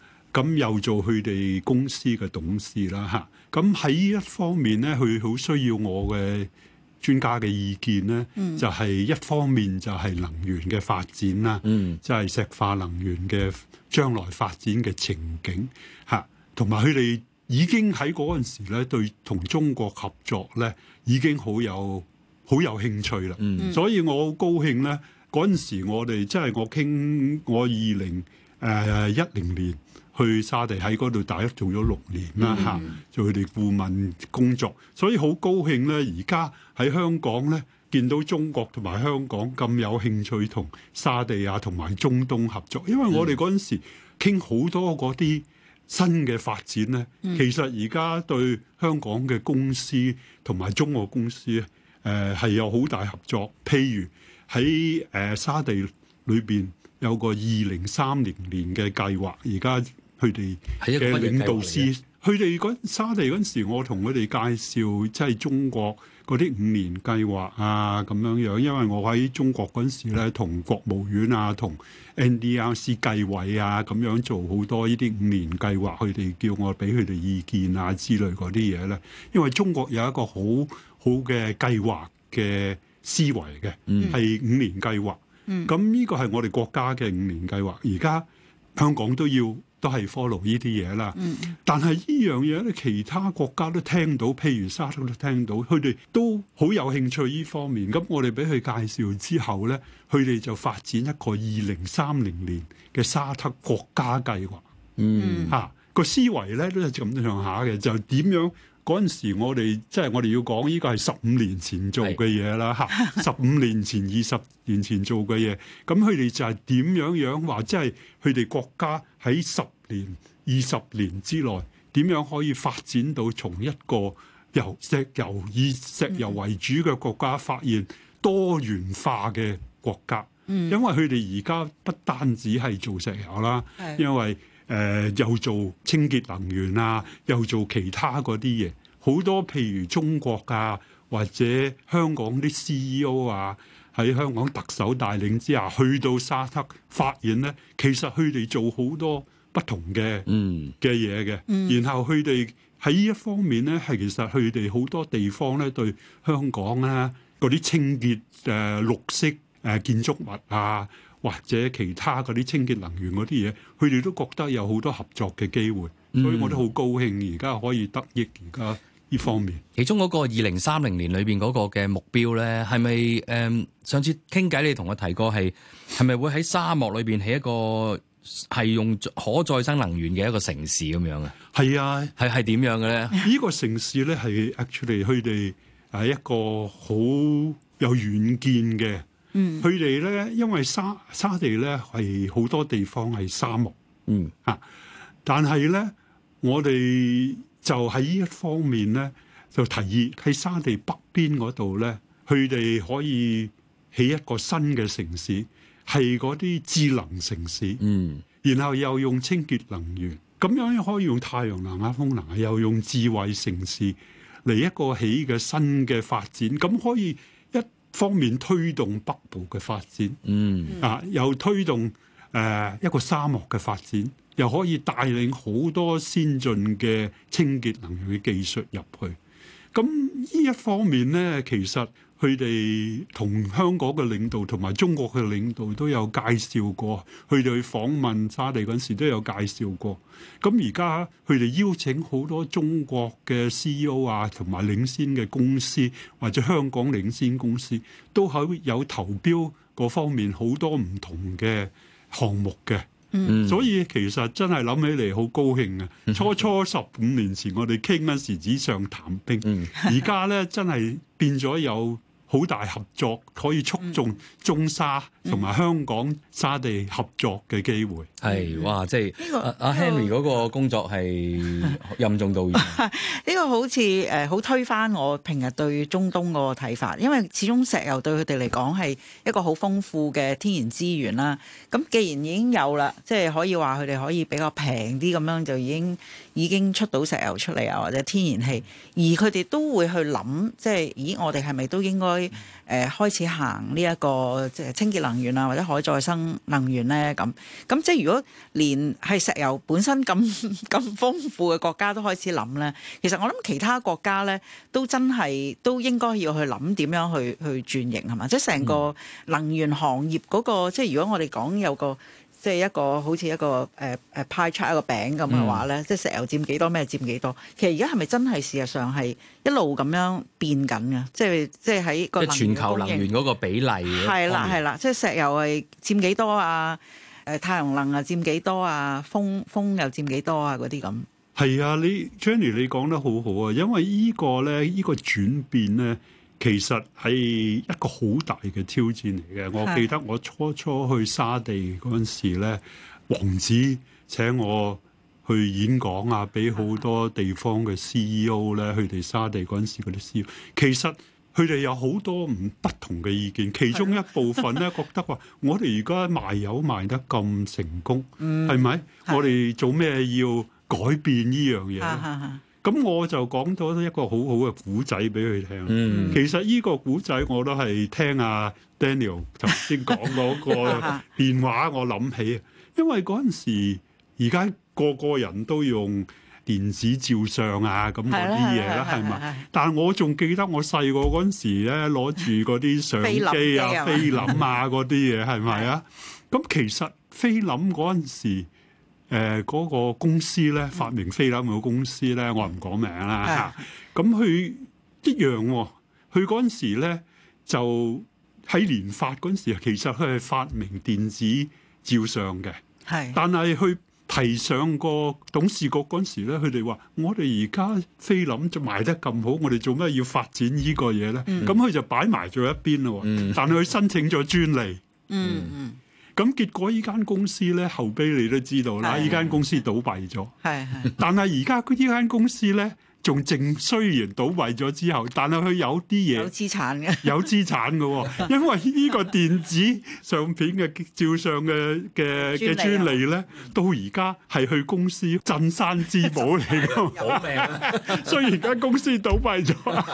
又做佢哋公司嘅董事啦嚇。咁喺依一方面咧，佢好需要我嘅。專家嘅意見咧，就係一方面就係能源嘅發展啦，即係石化能源嘅將來發展嘅情景嚇，同埋佢哋已經喺嗰陣時咧對同中國合作咧已經好有好有興趣啦。所以我好高興咧，嗰陣時我哋即係我傾我二零誒一零年。去沙地喺嗰度大約做咗六年啦吓，mm hmm. 做佢哋顧問工作，所以好高興咧。而家喺香港咧，見到中國同埋香港咁有興趣同沙地啊同埋中東合作，因為我哋嗰陣時傾好多嗰啲新嘅發展咧，mm hmm. 其實而家對香港嘅公司同埋中國公司誒係有好大合作。譬如喺誒沙地裏邊有個二零三零年嘅計劃，而家。佢哋嘅領導師是，佢哋嗰沙地嗰時，我同佢哋介紹即係、就是、中國嗰啲五年計劃啊咁樣樣，因為我喺中國嗰時咧，同國務院啊，同 NDRC 計委啊咁樣做好多呢啲五年計劃，佢哋叫我俾佢哋意見啊之類嗰啲嘢咧。因為中國有一個好好嘅計劃嘅思維嘅，係、嗯、五年計劃。嗯，咁呢個係我哋國家嘅五年計劃，而家香港都要。都係 follow 呢啲嘢啦，嗯、但係呢樣嘢咧，其他國家都聽到，譬如沙特都聽到，佢哋都好有興趣呢方面。咁我哋俾佢介紹之後呢，佢哋就發展一個二零三零年嘅沙特國家計劃。嗯，嚇、啊嗰個思維呢，都係咁上下嘅，就點樣嗰陣時我哋即係我哋要講呢個係十五年前做嘅嘢啦，嚇十五年前、二十年前做嘅嘢，咁佢哋就係點樣樣話，即係佢哋國家喺十年二十年之內點樣可以發展到從一個由石油以石油為主嘅國家，發現多元化嘅國家？嗯，因為佢哋而家不單止係做石油啦，因為誒又做清潔能源啊，又做其他嗰啲嘢。好多譬如中國啊，或者香港啲 CEO 啊，喺香港特首帶領之下，去到沙特，發現咧，其實佢哋做好多。不同嘅嘅嘢嘅，然後佢哋喺呢一方面咧，係其實佢哋好多地方咧對香港啊嗰啲清潔誒綠色誒建築物啊，或者其他嗰啲清潔能源嗰啲嘢，佢哋都覺得有好多合作嘅機會，所以我都好高興而家可以得益而家呢方面。其中嗰個二零三零年裏邊嗰個嘅目標咧，係咪誒上次傾偈你同我提過係係咪會喺沙漠裏邊起一個？係用可再生能源嘅一個城市咁樣嘅，係啊，係係點樣嘅咧？呢個城市咧係 actually 佢哋係一個好有遠見嘅。嗯，佢哋咧因為沙沙地咧係好多地方係沙漠。嗯，吓，但係咧我哋就喺呢一方面咧就提議喺沙地北邊嗰度咧，佢哋可以起一個新嘅城市。係嗰啲智能城市，嗯，然後又用清潔能源，咁樣可以用太陽能啊、風能啊，又用智慧城市嚟一個起嘅新嘅發展，咁可以一方面推動北部嘅發展，嗯啊，又推動誒、呃、一個沙漠嘅發展，又可以帶領好多先進嘅清潔能源嘅技術入去，咁呢一方面咧，其實。佢哋同香港嘅領導同埋中國嘅領導都有介紹過，佢哋去訪問沙地嗰陣時都有介紹過。咁而家佢哋邀請好多中國嘅 CEO 啊，同埋領先嘅公司或者香港領先公司，都喺有投標嗰方面好多唔同嘅項目嘅。嗯，所以其實真係諗起嚟好高興啊！初初十五年前我哋傾嗰時紙上談兵，而家咧真係變咗有。好大合作可以促進中、中沙同埋香港沙地合作嘅機會，係、嗯、哇！即係呢、這個阿 Henry 嗰個工作係任重道遠。呢 個好似誒好推翻我平日對中東嗰個睇法，因為始終石油對佢哋嚟講係一個好豐富嘅天然資源啦。咁既然已經有啦，即、就、係、是，可以話佢哋可以比較平啲咁樣就已經已經出到石油出嚟啊，或者天然氣，而佢哋都會去諗，即、就、係、是、咦，我哋係咪都應該。誒，開始行呢一個即係清潔能源啊，或者可再生能源咧咁。咁即係如果連係石油本身咁咁豐富嘅國家都開始諗咧，其實我諗其他國家咧都真係都應該要去諗點樣去去轉型，係嘛，即係成個能源行業嗰個即係如果我哋講有個。即係一個好似一個誒誒派出一個餅咁嘅話咧，嗯、即係石油佔幾多，咩佔幾多？其實而家係咪真係事實上係一路咁樣變緊嘅？即係即係喺個全球能源嗰個比例係啦係啦，即係石油係佔幾多啊？誒，太陽能啊佔幾多啊？風風又佔幾多啊？嗰啲咁係啊，你 Jenny 你講得好好啊，因為依個咧依個轉變咧，其實係一個好大嘅挑戰嚟嘅。我記得我初初去沙地嗰陣時咧，王子請我去演講啊，俾好多地方嘅 CEO 咧，佢哋沙地嗰陣時嗰啲 CEO，其實佢哋有好多唔不同嘅意見。其中一部分咧覺得話，我哋而家賣油賣得咁成功，嗯，係咪？我哋做咩要改變呢樣嘢？咁我就講咗一個好好嘅古仔俾佢聽。嗯、其實呢個古仔我都係聽阿 Daniel 頭先講嗰個電話，我諗起。 因為嗰陣時，而家個個人都用電子照相啊，咁嗰啲嘢啦，係咪、啊啊啊啊？但係我仲記得我細個嗰陣時咧，攞住嗰啲相機啊、 菲林啊嗰啲嘢，係咪啊？咁、 啊、其實菲林嗰陣時。誒嗰個公司咧，發明菲林個公司咧，我唔講名啦嚇。咁佢一樣喎，佢嗰陣時咧就喺聯發嗰陣時，其實佢係發明電子照相嘅。係，但係佢提上個董事局嗰陣時咧，佢哋話：我哋而家菲林就賣得咁好，我哋做咩要發展呢個嘢咧？咁佢就擺埋咗一邊咯。但係佢申請咗專利。嗯嗯。咁結果呢間公司咧，後背你都知道啦，呢間是公司倒閉咗。係係是。但係而家佢呢間公司咧，仲淨雖然倒閉咗之後，但係佢有啲嘢有資產嘅， 有資產嘅喎。因為呢個電子相片嘅照相嘅嘅嘅專利咧，到而家係去公司鎮山之寶嚟㗎。有病。雖然而家公司倒閉咗，呢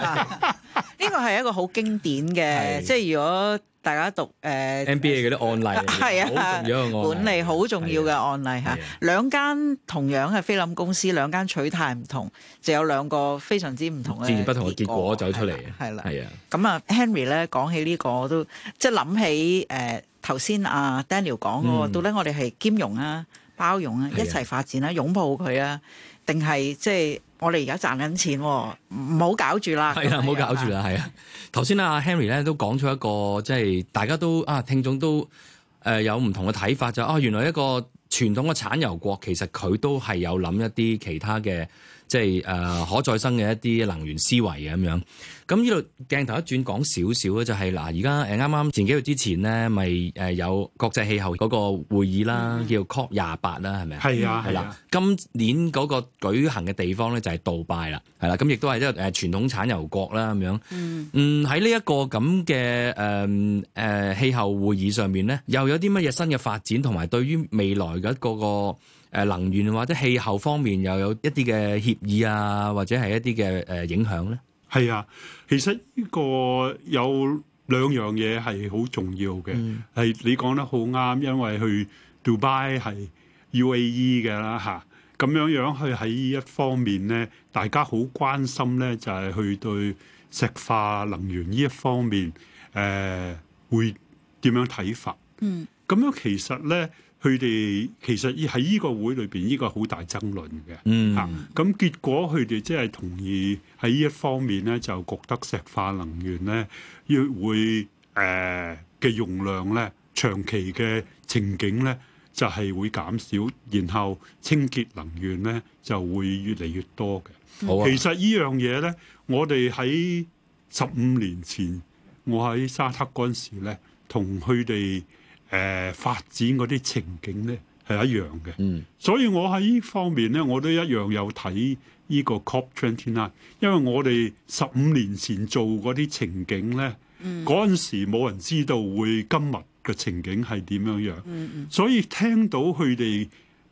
個係一個好經典嘅，的即係如果。大家讀誒 MBA 嗰啲案例，係 啊，本嚟好重要嘅案例嚇、啊啊啊。兩間同樣係菲林公司，兩間取態唔同，就有兩個非常之唔同嘅截然不同嘅結果走出嚟。係啦，係啊。咁啊，Henry 咧講起呢、這個，我都即係諗起誒頭先阿 Daniel 講喎，嗯、到底我哋係兼容啊、包容啊、啊一齊發展啊、擁抱佢啊，定係即係？我哋而家賺緊錢，唔好搞住啦！係啊，唔好搞住啦！係啊，頭先阿 Henry 咧都講出一個，即係大家都啊，聽眾都誒有唔同嘅睇法，就啊，原來一個傳統嘅產油國，其實佢都係有諗一啲其他嘅。即係誒、呃、可再生嘅一啲能源思維嘅咁樣，咁呢度鏡頭一轉講少少咧，就係嗱而家誒啱啱前幾日之前咧，咪、呃、誒有國際氣候嗰個會議啦，嗯、叫 COP 廿八啦，係咪啊？係啊，係啦、啊。啊、今年嗰個舉行嘅地方咧就係、是、杜拜啦，係啦、啊。咁亦都係一個誒傳統產油國啦，咁樣。嗯。喺呢一個咁嘅誒誒氣候會議上面咧，又有啲乜嘢新嘅發展，同埋對於未來嘅一個個。誒，能源或者氣候方面又有一啲嘅協議啊，或者係一啲嘅誒影響咧。係啊，其實呢個有兩樣嘢係好重要嘅，係、嗯、你講得好啱，因為去 Dubai 係 UAE 嘅啦，吓，咁、啊、樣樣去喺呢一方面咧，大家好關心咧，就係去對石化能源呢一方面，誒、呃、會點樣睇法？嗯，咁樣其實咧。佢哋其實喺呢個會裏邊，呢個好大爭論嘅嚇。咁、嗯啊、結果佢哋即係同意喺呢一方面咧，就覺得石化能源咧要會誒嘅、呃、容量咧，長期嘅情景咧就係、是、會減少，然後清潔能源咧就會越嚟越多嘅。好啊、其實呢樣嘢咧，我哋喺十五年前，我喺沙特嗰陣時咧，同佢哋。誒發展嗰啲情景咧係一樣嘅，嗯、所以我喺呢方面咧我都一樣有睇呢個 Cop Trend Trendline，因為我哋十五年前做嗰啲情景咧，嗰陣、嗯、時冇人知道會今日嘅情景係點樣樣，嗯嗯、所以聽到佢哋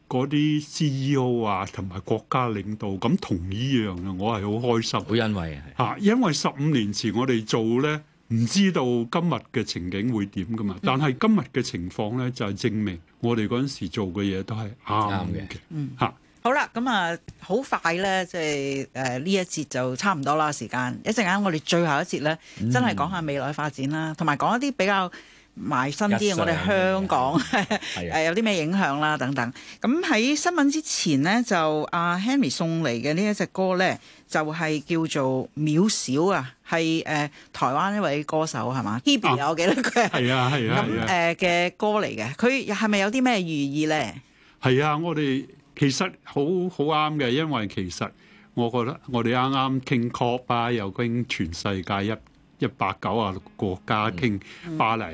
嗰啲 CEO 啊同埋國家領導咁同呢樣嘅，我係好開心，好欣慰啊！嚇，因為十五年前我哋做咧。唔知道今日嘅情景會點㗎嘛？但係今日嘅情況咧，就係證明我哋嗰陣時做嘅嘢都係啱嘅。嗯，嚇、嗯，好啦，咁啊，好快咧，即係誒呢一節就差唔多啦。時間一陣間，我哋最後一節咧，真係講下未來發展啦，同埋講一啲比較，埋深啲嘅，生我哋香港誒的 有啲咩影響啦、啊、等等。咁喺新聞之前咧，就阿 Henry 送嚟嘅呢一隻歌咧，就係、是、叫做《渺小》啊，係誒、呃、台灣一位歌手係嘛，Hebe 我記得佢係啊係啊咁誒嘅歌嚟嘅。佢係咪有啲咩寓意咧？係啊，我哋其實好好啱嘅，因為其實我覺得我哋啱啱傾 COP 吧，又傾全世界一一百九十六國家傾巴黎。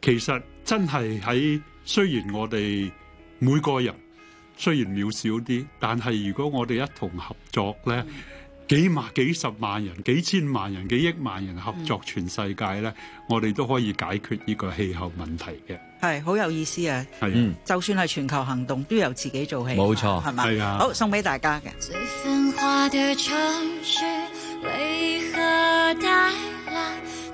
其實真係喺雖然我哋每個人雖然渺小啲，但係如果我哋一同合作呢幾萬、幾十萬人、幾千萬人、幾億萬人合作全世界呢，我哋都可以解決呢個氣候問題嘅。係好有意思啊！係的，就算係全球行動，都由自己做起。冇錯，係咪？係啊！好，送俾大家嘅。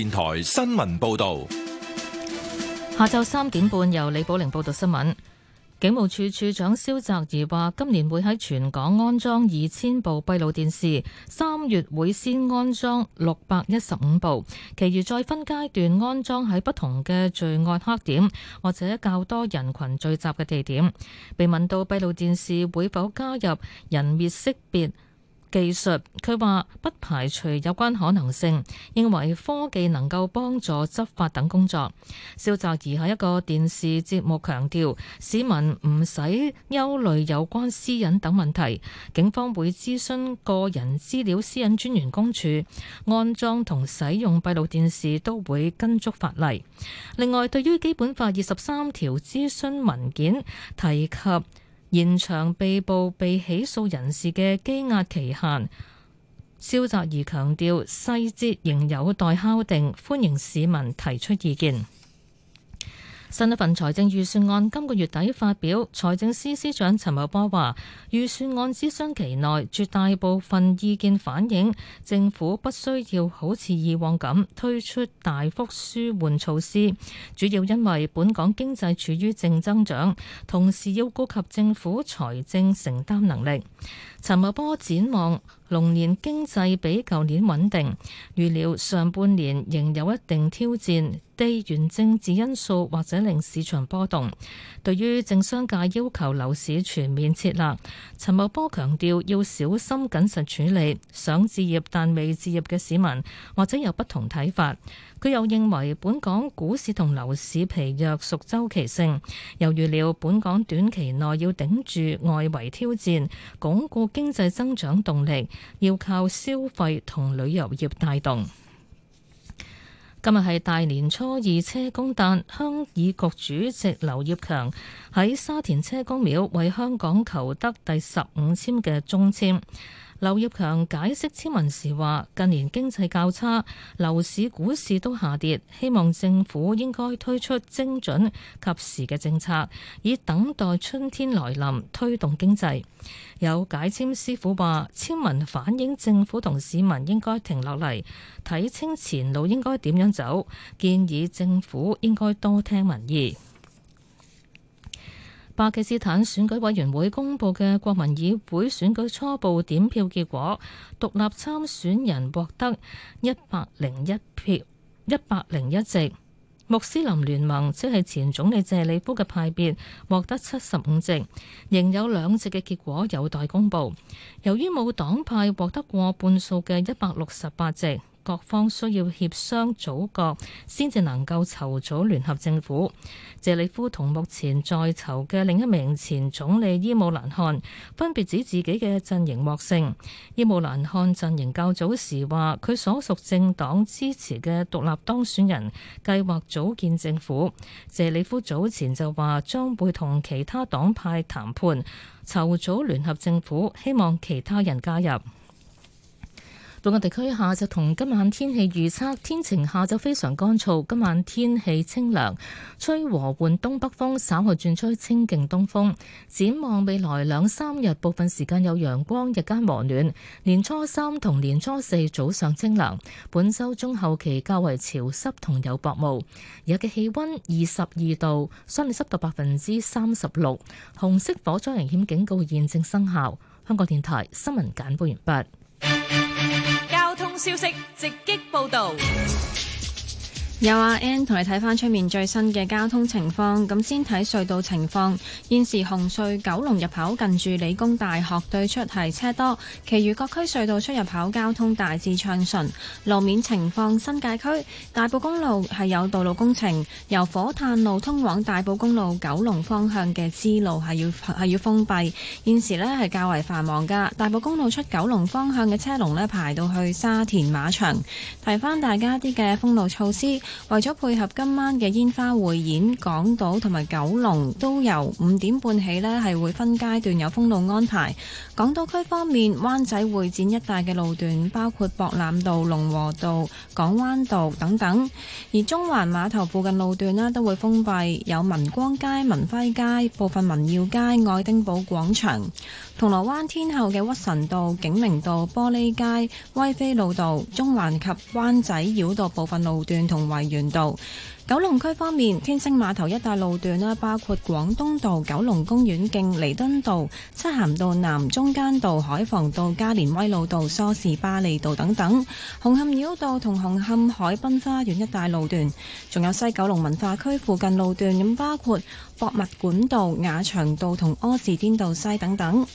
電台新聞報道，下晝三點半由李寶玲報道新聞。警務處處長蕭澤頤話：今年會喺全港安裝二千部閉路電視，三月會先安裝六百一十五部，其餘再分階段安裝喺不同嘅罪案黑點或者較多人群聚集嘅地點。被問到閉路電視會否加入人面識別技術，佢話不排除有關可能性，認為科技能夠幫助執法等工作。蕭澤頤喺一個電視節目強調，市民唔使憂慮有關私隱等問題，警方會諮詢個人資料私隱專員公署，安裝同使用閉路電視都會跟足法例。另外，對於《基本法》二十三條諮詢文件提及，現場被捕被起訴人士嘅拘押期限。肖澤儀強調，細節仍有待敲定，歡迎市民提出意見。新一份財政預算案今個月底發表，財政司司長陳茂波話：預算案諮詢期內絕大部分意見反映，政府不需要好似以往咁推出大幅舒緩措施，主要因為本港經濟處於正增長，同時要顧及政府財政承擔能力。陳茂波展望。龍年經濟比舊年穩定，預料上半年仍有一定挑戰，地緣政治因素或者令市場波動。對於政商界要求樓市全面設立，陳茂波強調要小心謹慎處理。想置業但未置業嘅市民，或者有不同睇法。佢又認為本港股市同樓市疲弱屬周期性，又預料本港短期內要頂住外圍挑戰，鞏固經濟增長動力，要靠消費同旅遊業帶動。今日係大年初二，車公誕，鄉議局主席劉業強喺沙田車公廟為香港求得第十五籤嘅中籤。劉業強解釋籤文時話：近年經濟較差，樓市、股市都下跌，希望政府應該推出精準及時嘅政策，以等待春天來臨，推動經濟。有解籤師傅話：籤文反映政府同市民應該停落嚟，睇清前路，應該點樣走？建議政府應該多聽民意。巴基斯坦選舉委員會公布嘅國民議會選舉初步點票結果，獨立參選人獲得一百零一票，一百零一席，穆斯林聯盟即係前總理謝里夫嘅派別獲得七十五席，仍有兩席嘅結果有待公布。由於冇黨派獲得過半數嘅一百六十八席。各方需要協商組閣，先至能夠籌組聯合政府。謝里夫同目前在囚嘅另一名前總理伊姆蘭漢分別指自己嘅陣營獲勝，伊姆蘭漢陣營較早時話，佢所屬政黨支持嘅獨立當選人計劃組建政府。謝里夫早前就話將會同其他黨派談判籌組聯合政府，希望其他人加入。本港地區下晝同今晚天氣預測：天晴，下晝非常乾燥，今晚天氣清涼，吹和緩東北風，稍後轉吹清勁東風。展望未來兩三日，部分時間有陽光，日間和暖。年初三同年初四早上清涼，本週中後期較為潮濕同有薄霧。日嘅氣温二十二度，相對濕度百分之三十六。紅色火災危險警告現正生效。香港電台新聞簡報完畢。消息直擊報導。有阿 Anne 同你睇翻出面最新嘅交通情況，咁先睇隧道情況。現時紅隧九龍入口近住理工大學對出係車多，其餘各區隧道出入口交通大致暢順。路面情況，新界區大埔公路係有道路工程，由火炭路通往大埔公路九龍方向嘅支路係要係要封閉，現時呢係較為繁忙噶大埔公路出九龍方向嘅車龍呢排到去沙田馬場。提翻大家啲嘅封路措施。為咗配合今晚嘅煙花匯演，港島同埋九龍都由五點半起咧，係會分階段有封路安排。港島區方面，灣仔會展一帶嘅路段包括博覽道、龍和道、港灣道等等，而中環碼頭附近路段咧都會封閉，有民光街、民輝街部分民耀街、愛丁堡廣場。銅鑼灣天后嘅屈臣道、景明道、玻璃街、威非路道、中環及灣仔繞道部分路段同維園道。九龍區方面，天星碼頭一帶路段咧，包括廣東道、九龍公園徑、彌敦道、漆咸道南、中間道、海防道、加連威老道、梳士巴利道等等；紅磡繞道同紅磡海濱花園一帶路段，仲有西九龍文化區附近路段咁，包括博物館道、雅翔道同柯士甸道西等等。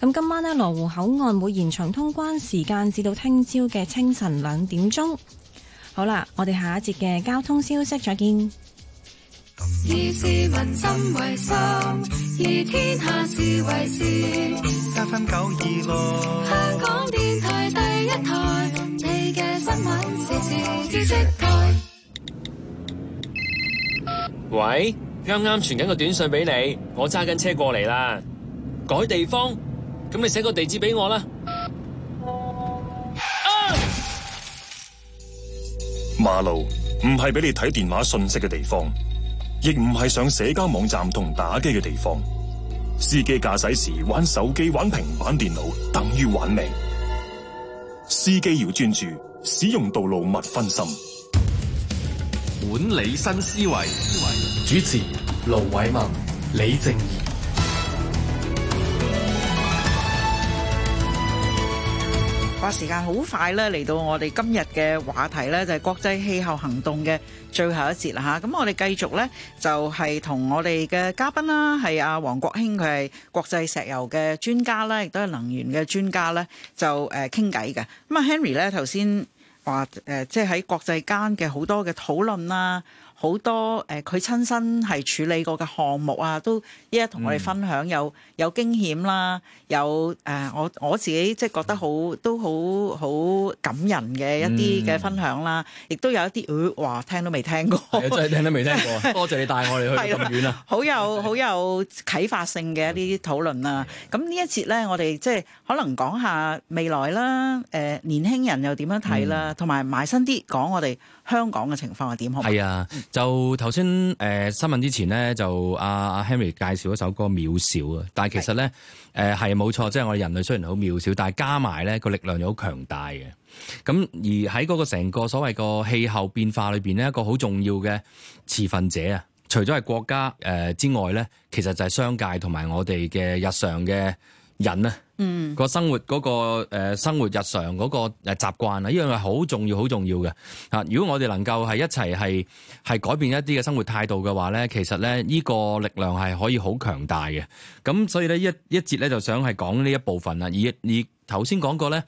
咁今晚咧，羅湖口岸會延長通關時間至到聽朝嘅清晨兩點鐘。好啦，我哋下一節嘅交通消息再見。以市民心為心，以天下事為事。七分九二六，香港電台第一台，你嘅新聞時事知識台。喂，啱啱傳緊個短信俾你，我揸緊車過嚟啦，改地方，咁你寫個地址俾我啦。馬路唔係俾你睇電話信息嘅地方，亦唔係上社交網站同打機嘅地方。司機駕駛時玩手機、玩平板電腦、電腦等於玩命。司機要專注，使用道路勿分心。管理新思維，主持盧偉民、李靜宜。話時間好快咧，嚟到我哋今日嘅話題咧，就係國際氣候行動嘅最後一節啦吓。咁我哋繼續咧，就係同我哋嘅嘉賓啦，係阿王國興佢係國際石油嘅專家啦，亦都係能源嘅專家咧，就誒傾偈嘅。咁啊 Henry 咧，頭先話誒，即係喺國際間嘅好多嘅討論啦。好多誒，佢、呃、親身係處理過嘅項目啊，都一一同我哋分享，有有驚險啦，有誒、呃，我我自己即係覺得好都好好感人嘅一啲嘅分享啦，亦、嗯、都有一啲嘩、呃、聽都未聽過，嗯、 真係聽都未聽過，多謝、謝你帶我哋去咁遠啊！好 有好 有啟發性嘅一啲討論啦、啊。咁呢一節咧，我哋即係可能講下未來啦，誒、呃、年輕人又、嗯、點樣睇啦，同埋埋身啲講我哋。香港嘅情況係點？係啊，就頭先誒新聞之前咧，就阿、啊、阿、 啊、Henry 介紹一首歌《渺小》啊，但係其實咧誒係冇錯，即、就、係、是、我哋人類雖然好渺小，但係加埋咧個力量又好強大嘅。咁而喺嗰個成個所謂個氣候變化裏邊咧，一個好重要嘅持份者啊，除咗係國家誒、呃、之外咧，其實就係商界同埋我哋嘅日常嘅人啊。個生活嗰個誒生活日常嗰個誒習慣啊，呢樣係好重要好重要嘅啊。如果我哋能夠係一齊係係改變一啲嘅生活態度嘅話咧，其實咧呢個力量係可以好強大嘅。咁所以咧一一節咧就想係講呢一部分啦。而而頭先講過咧，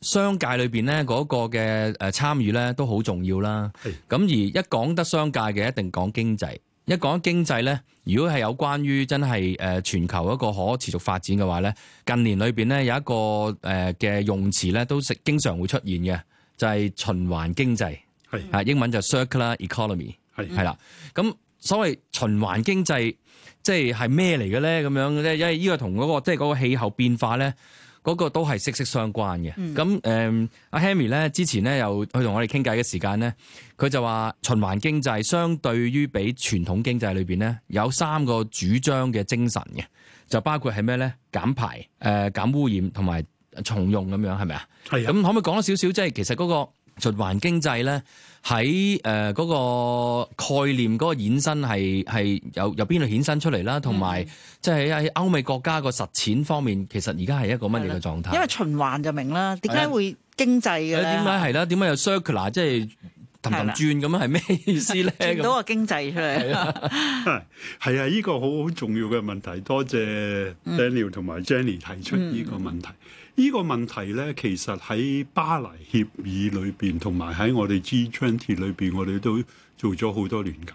商界裏邊咧嗰個嘅誒參與咧都好重要啦。係咁而一講得商界嘅，一定講經濟。一講經濟咧，如果係有關於真係誒全球一個可持續發展嘅話咧，近年裏邊咧有一個誒嘅、呃、用詞咧都食經常會出現嘅，就係、係、循環經濟，係啊係英文就 circular economy 係啦係。咁所謂循環經濟即係係咩嚟嘅咧？咁樣嘅啫，因為呢個同嗰、嗰個即係嗰個氣候變化咧。嗰個都係息息相關嘅。咁誒、嗯，阿 Henry 咧之前咧又去同我哋傾偈嘅時間咧，佢就話循環經濟相對於比傳統經濟裏邊咧，有三個主張嘅精神嘅，就包括係咩咧？減排、誒、呃、減污染同埋重用咁樣，係咪啊？係啊呀。咁可唔可以講多少少？即係其實嗰個循環經濟咧。喺誒，嗰個概念嗰個衍生，係係由由邊度衍生出嚟啦？同埋即係喺歐美國家個實踐方面，其實而家係一個乜嘢嘅狀態？因為循環就明啦，點解會經濟嘅咧？點解係啦？點解有 circular 即係氹氹轉咁樣係咩意思咧？轉到個經濟出嚟係啊！係啊！依、 呢個好重要嘅問題，多謝 Daniel 同埋 Jenny 提出呢個問題。呢個問題呢，其實喺巴黎協議裏邊，同埋喺我哋 G20 裏邊，我哋都做咗好多研究。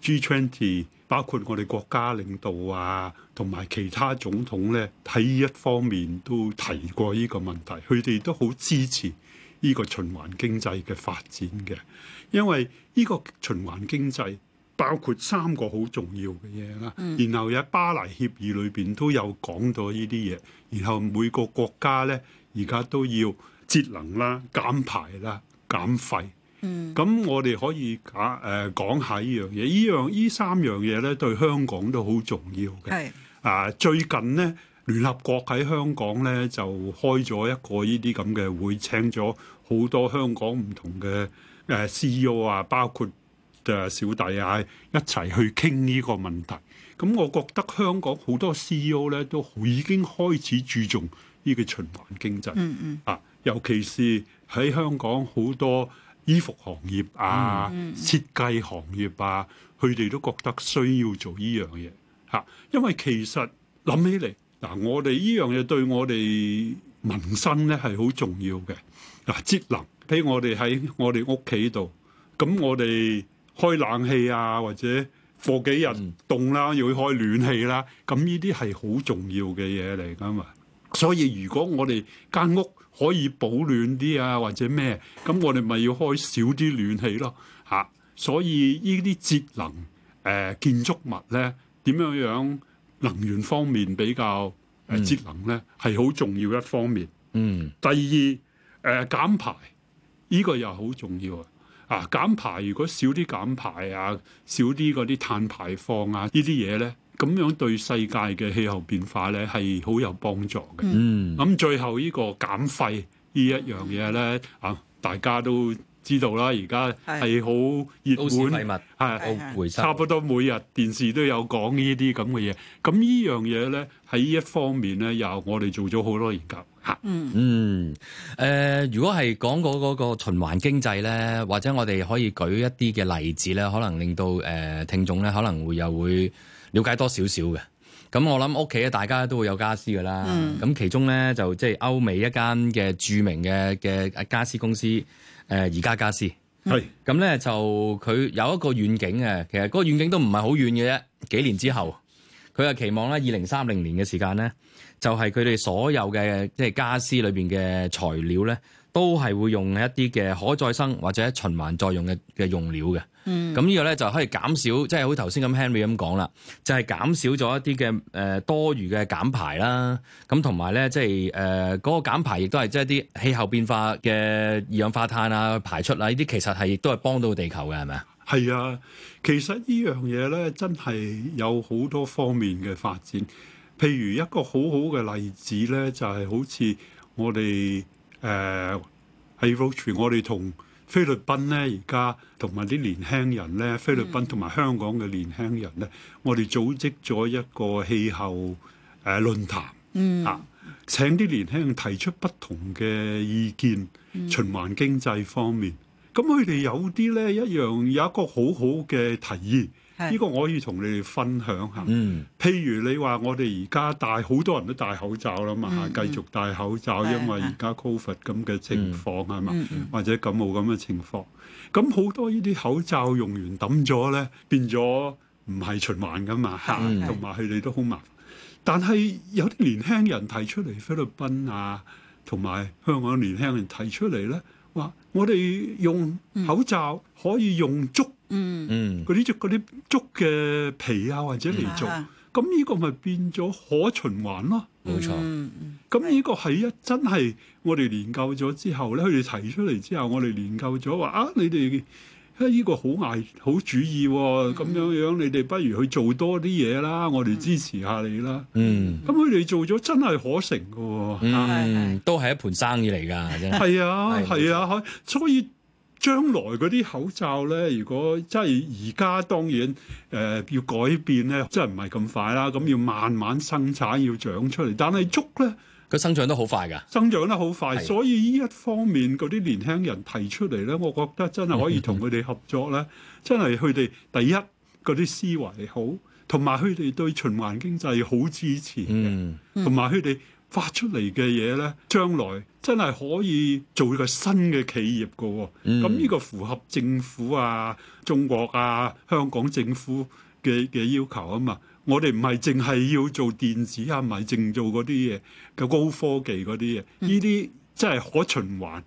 G20 包括我哋國家領導啊，同埋其他總統呢，喺一方面都提過呢個問題，佢哋都好支持呢個循環經濟嘅發展嘅，因為呢個循環經濟。包括三個好重要嘅嘢啦，嗯、然後喺巴黎協議裏邊都有講到呢啲嘢，然後每個國家咧而家都要節能啦、減排啦、減廢。嗯，咁我哋可以講誒講下呢樣嘢，呢樣呢三樣嘢咧對香港都好重要嘅。係啊是，最近咧聯合國喺香港咧就開咗一個呢啲咁嘅會，請咗好多香港唔同嘅誒 CEO 啊，包括。就小弟啊，一齊去傾呢個問題。咁我覺得香港好多 CEO 咧都已經開始注重呢個循環經濟。嗯嗯。啊，尤其是喺香港好多衣服行業啊、嗯嗯設計行業啊，佢哋都覺得需要做呢樣嘢。嚇、啊，因為其實諗起嚟嗱、啊，我哋呢樣嘢對我哋民生咧係好重要嘅。嗱、啊，節能喺我哋喺我哋屋企度，咁我哋。開冷氣啊，或者過幾日凍啦，要開暖氣啦，咁呢啲係好重要嘅嘢嚟噶嘛。所以如果我哋間屋可以保暖啲啊，或者咩，咁我哋咪要開少啲暖氣咯吓、啊。所以、呃、呢啲節能誒建築物咧，點樣樣能源方面比較誒節、嗯、能咧，係好重要一方面。嗯。第二誒減、呃、排呢，這個又好重要啊。啊減排如果少啲減排啊，少啲嗰啲碳排放啊，呢啲嘢呢，咁樣對世界嘅氣候變化呢係好有幫助嘅。嗯，咁最後呢個減廢呢一樣嘢呢，嗯、啊，大家都知道啦，而家係好熱門，係差不多每日電視都有講呢啲咁嘅嘢。咁呢樣嘢呢，喺呢一方面呢，又我哋做咗好多研究。嗯，誒、呃，如果係講嗰個循環經濟咧，或者我哋可以舉一啲嘅例子咧，可能令到誒、呃、聽眾咧可能會又會了解多少少嘅。咁我諗屋企咧大家都會有家私㗎啦。咁、嗯、其中咧就即係歐美一間嘅著名嘅嘅家私公司，誒、呃、宜家家私係。咁咧、嗯、就佢有一個遠景嘅，其實嗰個遠景都唔係好遠嘅，啫。幾年之後，佢就期望咧二零三零年嘅時間咧。就係佢哋所有嘅即係傢俬裏邊嘅材料咧，都係會用一啲嘅可再生或者循環再用嘅嘅用料嘅。嗯，咁呢個咧就可以減少，即係好似頭先咁 Henry 咁講啦，就係減少咗一啲嘅誒多餘嘅減排啦。咁同埋咧，即係誒嗰個減排亦都係即係啲氣候變化嘅二氧化碳啊排出啊呢啲，其實係亦都係幫到地球嘅，係咪啊？係啊，其實呢樣嘢咧，真係有好多方面嘅發展。譬如一個好好嘅例子咧，就係、是、好似我哋誒 i r u c h 我哋同菲律賓咧，而家同埋啲年輕人咧，菲律賓同埋香港嘅年輕人咧，嗯、我哋組織咗一個氣候誒論壇，啊、嗯，請啲年輕人提出不同嘅意見，循環經濟方面，咁佢哋有啲咧一樣有一個好好嘅提議。呢個我可以同你哋分享下，嗯、譬如你話我哋而家戴好多人都戴口罩啦嘛，繼續戴口罩，嗯、因為而家 COVID 咁嘅情況係嘛，或者感冒咁嘅情況，咁好多呢啲口罩用完抌咗咧，變咗唔係循環噶嘛，嚇、嗯，同埋佢哋都好麻煩，但係有啲年輕人提出嚟，菲律賓啊，同埋香港年輕人提出嚟咧，話我哋用口罩可以用足。嗯，嗯 sort of、really, sort of，嗰啲竹、啲竹嘅皮啊，或者嚟做，咁呢個咪變咗可循環咯，冇錯。咁呢個係一真係我哋研究咗之後咧，佢哋提出嚟之後，我哋研究咗話啊，你哋呢個好壞好主意咁樣樣，你哋不如去做多啲嘢啦，我哋支持下你啦。嗯，咁佢哋做咗真係可成噶，係都係一盤生意嚟噶，真係。係啊，係啊，所以。將來嗰啲口罩呢，如果真係而家當然誒、呃、要改變呢，真係唔係咁快啦。咁要慢慢生產，要長出嚟。但係竹呢，佢生長得好快㗎，生長得好快。的所以呢一方面嗰啲年輕人提出嚟呢，我覺得真係可以同佢哋合作呢。Mm hmm. 真係佢哋第一嗰啲思維好，同埋佢哋對循環經濟好支持，同埋佢哋發出嚟嘅嘢呢，將來。真係可以做一個新嘅企業嘅，哦，咁呢個符合政府啊，中國啊，香港政府嘅嘅要求啊嘛。我哋唔係淨係要做電子啊，唔係淨做嗰啲嘢嘅高科技嗰啲嘢，呢啲真係可循環，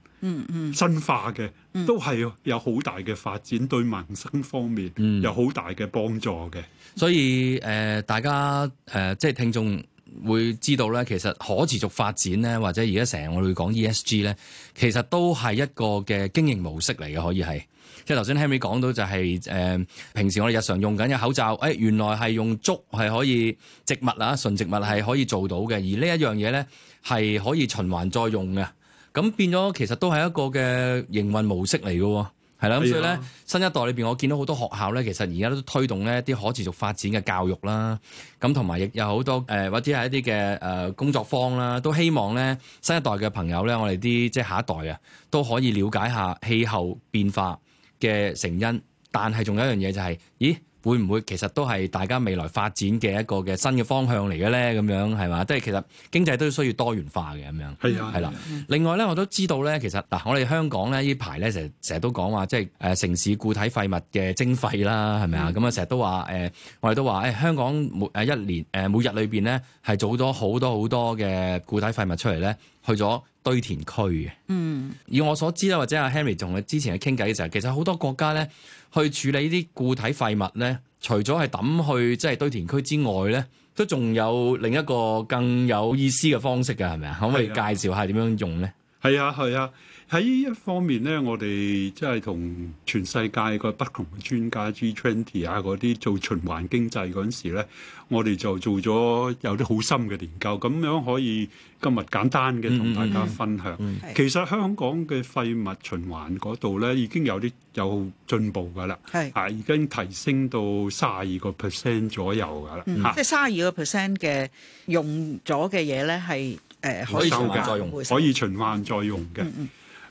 新化嘅，都係有好大嘅發展，對民生方面有好大嘅幫助嘅。所以誒、呃，大家誒、呃，即係聽眾。會知道咧，其實可持續發展咧，或者而家成日我哋講 ESG 咧，其實都係一個嘅經營模式嚟嘅，可以係即係頭先 Henry 講到就係、是、誒、呃，平時我哋日常用緊嘅口罩，誒、哎、原來係用竹係可以植物啊，純植物係可以做到嘅，而呢一樣嘢咧係可以循環再用嘅，咁變咗其實都係一個嘅營運模式嚟嘅。係啦，咁所以咧，新一代裏邊，我見到好多學校咧，其實而家都推動咧一啲可持續發展嘅教育啦，咁同埋亦有好多誒、呃、或者係一啲嘅誒工作坊啦，都希望咧新一代嘅朋友咧，我哋啲即係下一代啊，都可以了解下氣候變化嘅成因，但係仲有一樣嘢就係、是，咦？會唔會其實都係大家未來發展嘅一個嘅新嘅方向嚟嘅咧？咁樣係嘛？即係其實經濟都需要多元化嘅咁樣。係啊，係啦。 另外咧，我都知道咧，其實嗱、啊，我哋香港咧呢排咧成成日都講話即係誒、呃、城市固體廢物嘅徵費啦，係咪啊？咁啊成日都話誒、呃，我哋都話誒、欸、香港每誒一年誒、呃、每日裏邊咧係做咗好多好多嘅固體廢物出嚟咧，去咗堆填區嘅。嗯。以我所知啦，或者阿 Henry 同你之前嘅傾偈嘅時候，其實好多國家咧。去處理啲固體廢物咧，除咗係抌去即係堆填區之外咧，都仲有另一個更有意思嘅方式㗎，係咪啊？可唔可以介紹下點樣用咧？係啊，係啊。喺一方面咧，我哋即係同全世界個不同嘅專家，G Twenty 啊嗰啲做循環經濟嗰陣時咧，我哋就做咗有啲好深嘅研究，咁樣可以今日簡單嘅同大家分享。其實香港嘅廢物循環嗰度咧，已經有啲有進步噶啦，係啊，已經提升到三十二個 percent 左右噶啦嚇。即係三十二個 percent 嘅用咗嘅嘢咧，係誒可以循環再用，可以循環再用嘅。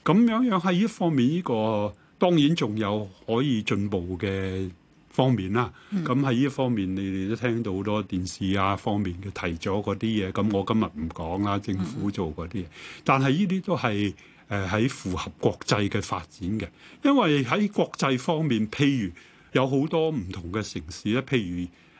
咁樣樣喺呢方面，呢個當然仲有可以進步嘅方面啦。咁喺呢方面，你哋都聽到好多電視啊方面嘅提咗嗰啲嘢。咁我今日唔講啦，政府做嗰啲嘢。但係呢啲都係誒喺符合國際嘅發展嘅，因為喺國際方面，譬如有好多唔同嘅城市咧，譬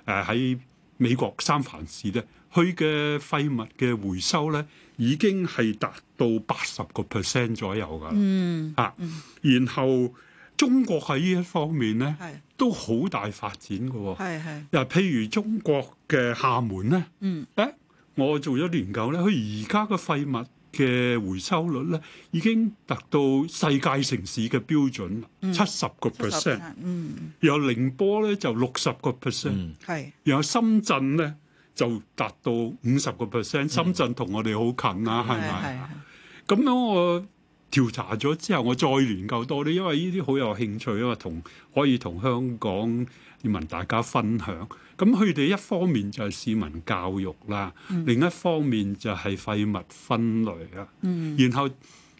如誒喺美國三藩市咧，佢嘅廢物嘅回收咧。已經係達到八十個 percent 左右噶，嚇、嗯啊。然後中國喺呢一方面咧，是都好大發展嘅、哦。係係。嗱，譬如中國嘅廈門咧，誒、嗯欸，我做咗研究咧，佢而家嘅廢物嘅回收率咧，已經達到世界城市嘅標準，七十個 percent。嗯。然後寧波咧就六十個 percent。嗯、然後深圳咧。就達到五十個 percent，深圳同我哋好近啦，係咪、嗯？咁樣吧我調查咗之後，我再研究多啲，因為呢啲好有興趣啊嘛，同可以同香港市民大家分享。咁佢哋一方面就係市民教育啦，嗯、另一方面就係廢物分類啊，嗯、然後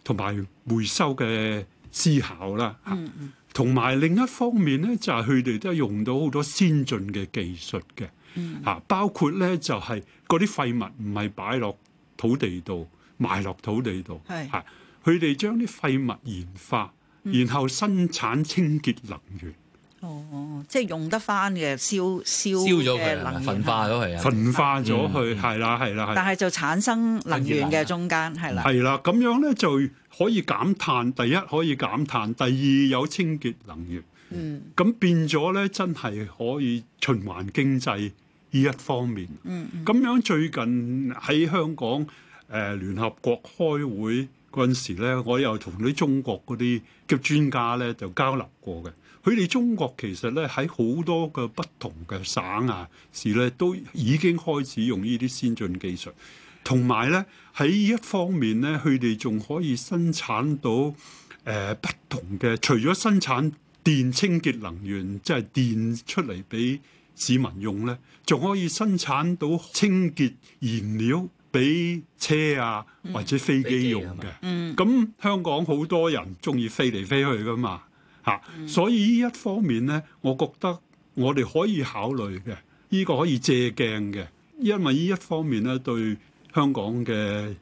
同埋回收嘅思考啦，同埋、嗯嗯、另一方面呢，就係佢哋都係用到好多先進嘅技術嘅。啊！包括咧就係嗰啲廢物唔係擺落土地度，埋落土地度。係啊是，佢哋將啲廢物燃化，然後生產清潔能源。嗯、能源哦，即係用得翻嘅燒燒嘅能源。焚化咗佢，焚化咗佢，係啦，係啦，係。但係就產生能源嘅中間，係啦。係啦，咁樣咧就可以減碳。第一可以減碳，第二有清潔能源。嗯，咁變咗咧，真係可以循環經濟。呢一方面，咁樣最近喺香港誒聯合國開會嗰陣時咧，我又同啲中國嗰啲嘅專家咧就交流過嘅。佢哋中國其實咧喺好多個不同嘅省啊市咧，都已經開始用呢啲先進技術，同埋咧喺呢一方面咧，佢哋仲可以生產到誒不同嘅，除咗生產電清潔能源，即係電出嚟俾市民用呢仲可以生產到清潔燃料俾車啊、嗯、或者飛機用嘅。嗯，咁香港好多人中意飛嚟飛去㗎嘛吓，嗯、所以呢一方面呢，我覺得我哋可以考慮嘅，呢、呢個可以借鏡嘅，因為呢一方面呢，對香港嘅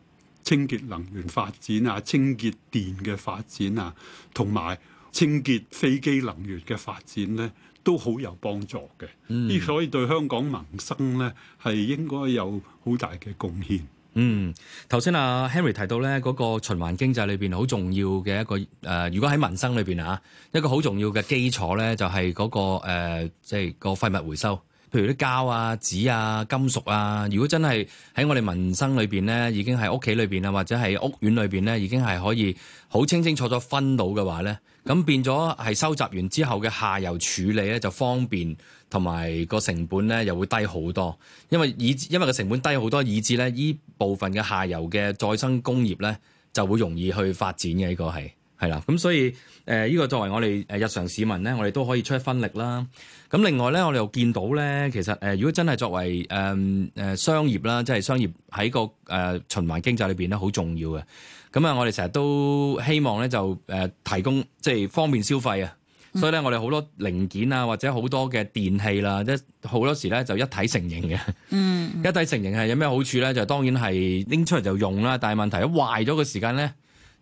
清潔能源發展啊、清潔電嘅發展啊，同埋清潔飛機能源嘅發展呢。都好有幫助嘅，嗯，所以對香港民生咧係應該有好大嘅貢獻。嗯，頭先阿 Henry 提到咧嗰個循環經濟裏邊好重要嘅一個誒，如果喺民生裏邊啊，一個好重要嘅基礎咧，就係嗰個誒，即係個廢物回收，譬如啲膠啊、紙啊、金屬啊。如果真係喺我哋民生裏邊咧，已經喺屋企裏邊啊，或者係屋苑裏邊咧，已經係可以好清清楚楚分到嘅話咧。咁變咗係收集完之後嘅下游處理咧，就方便同埋個成本咧又會低好多。因為以因為個成本低好多，以致咧呢部分嘅下游嘅再生工業咧就會容易去發展嘅。呢個係。係啦，咁所以誒，依、呃、個作為我哋誒日常市民咧，我哋都可以出一分力啦。咁另外咧，我哋又見到咧，其實誒、呃，如果真係作為誒誒、呃、商業啦，即係商業喺個誒、呃、循環經濟裏邊咧，好重要嘅。咁啊，我哋成日都希望咧，就誒、呃、提供即係方便消費啊。嗯、所以咧，我哋好多零件啊，或者好多嘅電器啦、啊，即好多時咧就一體成型嘅。嗯， 一體成型係有咩好處咧？就是、當然係拎出嚟就用啦。但係問題壞，壞咗嘅時間咧。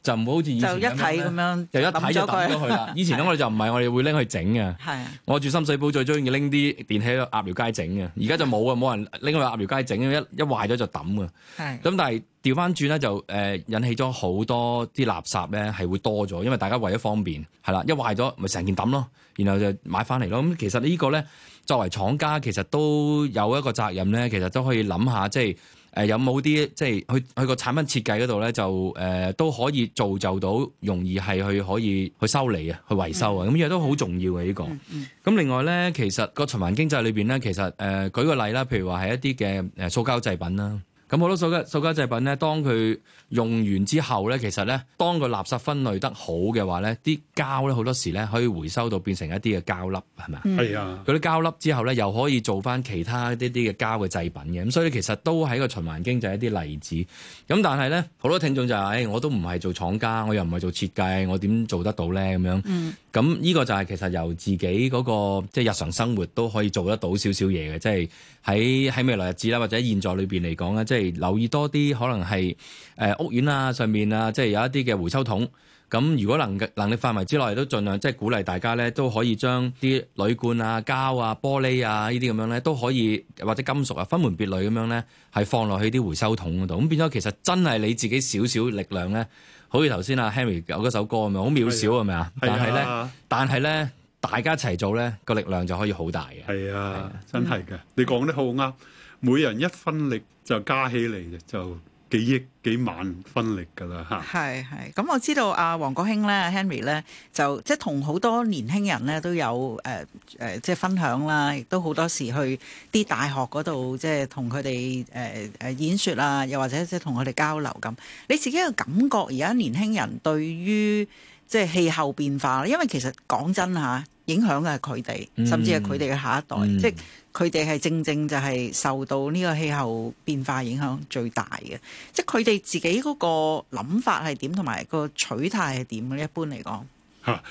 就唔好好似以前一就一睇咁樣，就一睇就抌咗佢。 以前咧，我哋就唔係，我哋會拎去整嘅。係，我住深水埗最中意拎啲電器咧，鴨寮街整嘅。而家就冇嘅，冇、啊、人拎去鴨寮街整，一一壞咗就抌嘅。係、啊。咁但係調翻轉咧，就誒引起咗好多啲垃圾咧，係會多咗，因為大家為咗方便係啦、啊，一壞咗咪成件抌咯，然後就買翻嚟咯。咁其實個呢個咧，作為廠家其實都有一個責任咧，其實都可以諗下即係。誒有冇啲即係去去個產品設計嗰度咧，就誒、呃、都可以造就到容易係去可以去修理啊，去維修啊，咁亦都好重要嘅呢、呢個。咁、嗯嗯、另外咧，其實個循環經濟裏邊咧，其實誒、呃、舉個例啦，譬如話係一啲嘅誒塑膠製品啦。咁好多塑膠塑膠製品咧，當佢用完之後咧，其實咧，當個垃圾分類得好嘅話咧，啲膠咧好多時咧可以回收到變成一啲嘅膠粒，係咪啊？係啊、mm！嗰、hmm. 啲膠粒之後咧，又可以做翻其他一啲啲嘅膠嘅製品嘅，咁所以其實都係個循環經濟一啲例子。咁但係咧，好多聽眾就係、哎，我都唔係做廠家，我又唔係做設計，我點做得到咧？咁樣。咁呢、mm hmm. 個就係其實由自己嗰、那個即係日常生活都可以做得到少少嘢嘅，即係。喺喺未來日子啦，或者在現在裏邊嚟講咧，即係留意多啲，可能係誒屋苑啊上面啊，即係有一啲嘅回收桶。咁如果能能力範圍之內，都盡量即係鼓勵大家咧，都可以將啲鋁罐啊、膠啊、玻璃啊呢啲咁樣咧，都可以或者金屬啊分門別類咁樣咧，係放落去啲回收桶嗰度。咁變咗其實真係你自己少少力量咧，好似頭先阿 Henry 有嗰首歌咁樣，好渺小係咪啊？但係咧呀，但係咧。大家一齊做咧，個力量就可以好大嘅。係啊，啊真係嘅，啊、你講得好啱。每人一分力就加起嚟，就幾億幾萬分力噶啦嚇。係係，咁我知道阿王國興咧，Henry 咧，就即係同好多年輕人咧都有誒誒、呃，即係分享啦，亦都好多時去啲大學嗰度，即係同佢哋誒誒演說啊，又或者即係同佢哋交流咁。你自己嘅感覺，而家年輕人對於即係氣候變化，因為其實講真嚇，影響嘅係佢哋，甚至係佢哋嘅下一代，嗯、即係佢哋係正正就係受到呢個氣候變化影響最大嘅。即係佢哋自己嗰個諗法係點，同埋個取態係點嘅？一般嚟講嚇，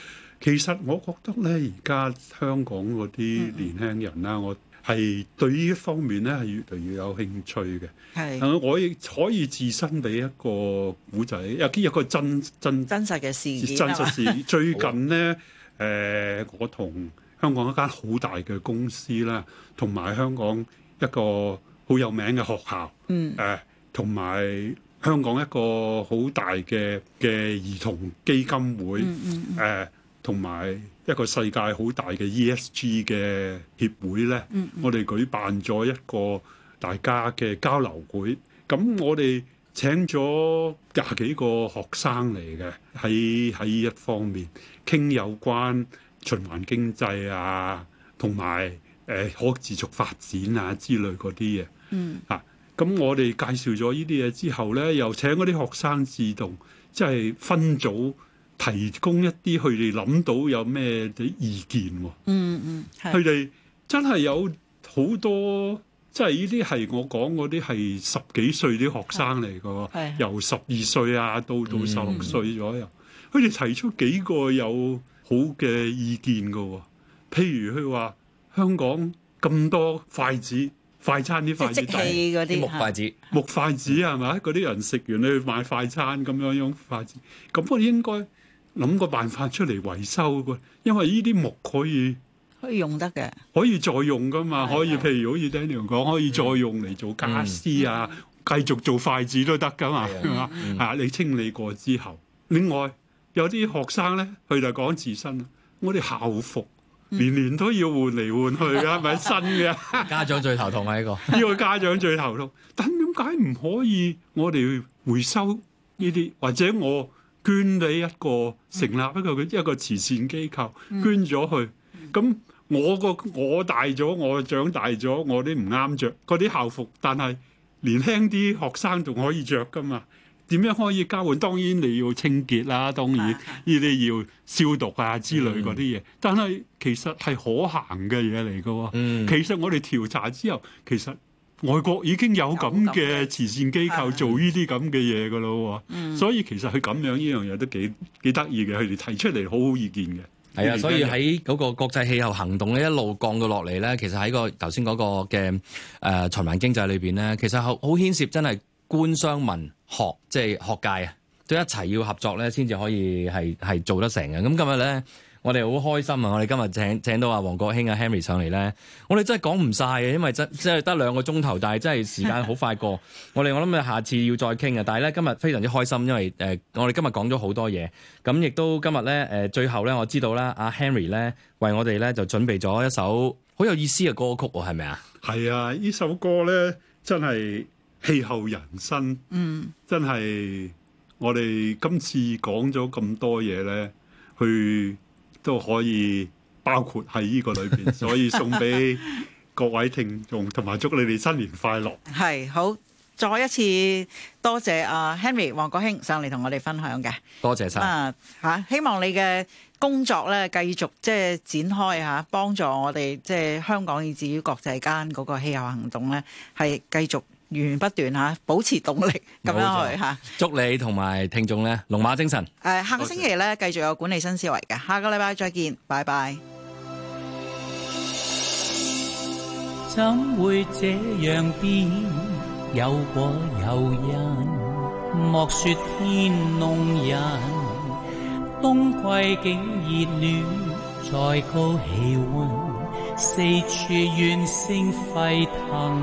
其實我覺得咧，而家香港嗰啲年輕人啦，嗯、我，係對呢一方面咧，係越嚟越有興趣嘅。係是，我亦可以置身俾一個古仔，有啲有個真真真實嘅事真實事。是吧 最近咧，誒、呃，我同香港一間好大嘅公司啦，同埋香港一個好有名嘅學校，誒、嗯，同埋、呃、香港一個好大嘅嘅兒童基金會，誒、嗯。嗯呃同埋一個世界好大嘅 ESG 嘅協會呢，嗯嗯、我哋舉辦咗一個大家嘅交流會。咁我哋請咗廿幾個學生嚟嘅，喺喺一方面傾有關循環經濟啊，同埋誒可持續發展啊之類嗰啲嘢。嗯，嚇、啊，咁我哋介紹咗呢啲嘢之後呢，又請嗰啲學生自動即係、就是、分組。提供一啲佢哋諗到有咩啲意見，嗯嗯，佢、嗯、哋真係有好多，即係呢啲係我講嗰啲係十幾歲啲學生嚟嘅，由十二歲啊到到十六歲左右，佢哋、嗯、提出幾個有好嘅意見嘅，譬如佢話香港咁多筷子快餐啲筷子，即係積氣嗰啲人木筷子，是是木筷子係咪嗰啲人食完你去買快餐咁樣樣筷子，咁我應該。諗個辦法出嚟維修，因為呢啲木可以可以用得嘅的，可以再用噶嘛？可以，譬如好似啲人講，可以再用嚟做家私啊，繼、嗯、續做筷子都得噶嘛？係嘛？啊，你清理過之後，另外有啲學生咧，佢就講自身，我哋校服年年都要換嚟換去，係咪、嗯、新嘅？ 家長最頭痛啊！呢個呢個家長最頭痛，但點解唔可以我哋回收呢啲，或者我？捐畀一個成立一個佢一個慈善機構，嗯、捐咗佢。咁我個我大咗，我長大咗，我啲唔啱着嗰啲校服，但係年輕啲學生仲可以着噶嘛？點樣可以交換？當然你要清潔啦，當然呢啲要消毒啊之類嗰啲嘢。嗯、但係其實係可行嘅嘢嚟噶喎。嗯、其實我哋調查之後，其實。外國已經有咁嘅慈善機構做呢啲咁嘅嘢噶咯，的所以其實佢咁樣呢樣嘢都幾幾得意嘅，佢哋提出嚟好好意見嘅。係啊的，所以喺嗰個國際氣候行動咧一路降到落嚟咧，其實喺個頭先嗰個嘅誒循環經濟裏邊咧，其實好好牽涉真係官、商、民、學，即係學界都一齊要合作咧，先至可以係係做得成嘅。咁今日咧。我哋好開心 啊！我哋今日請請到阿王國興阿 Henry 上嚟咧，我哋真係講唔晒啊，因為真真係得兩個鐘頭，但係真係時間好快過。我哋我諗咪下次要再傾啊。但係咧今日非常之開心，因為誒、呃，我哋今日講咗好多嘢，咁亦都今日咧誒，最後咧我知道啦，阿、啊、Henry 咧為我哋咧就準備咗一首好有意思嘅歌曲，係咪啊？係啊！呢首歌咧真係氣候人生，嗯，真係我哋今次講咗咁多嘢咧去。都可以包括喺呢個裏邊，所以送俾各位聽眾同埋祝你哋新年快樂。係，好，再一次多謝阿 Henry 王國興上嚟同我哋分享嘅，多謝晒。嚇，希望你嘅工作咧繼續即係展開嚇，幫助我哋即係香港以至於國際間嗰個氣候行動咧係繼續。源源不斷吓，保持動力咁樣去吓，祝你同埋聽眾呢龍馬精神。誒，下個星期呢繼續有管理新思維嘅，下個禮拜再見，拜拜。怎會這樣變？有果有因，莫說天弄人。冬季竟熱暖，再高氣溫，四處怨聲沸騰。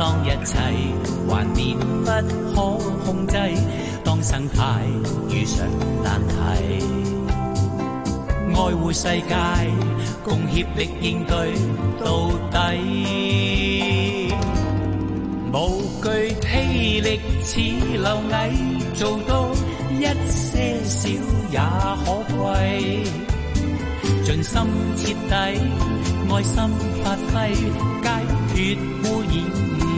當一切幻滅不可控制，當生態遇上難題，愛護世界，共協力應對到底。無懼霹靂似螻蟻，做到一些少也可貴，盡心徹底，愛心發揮，解決污染。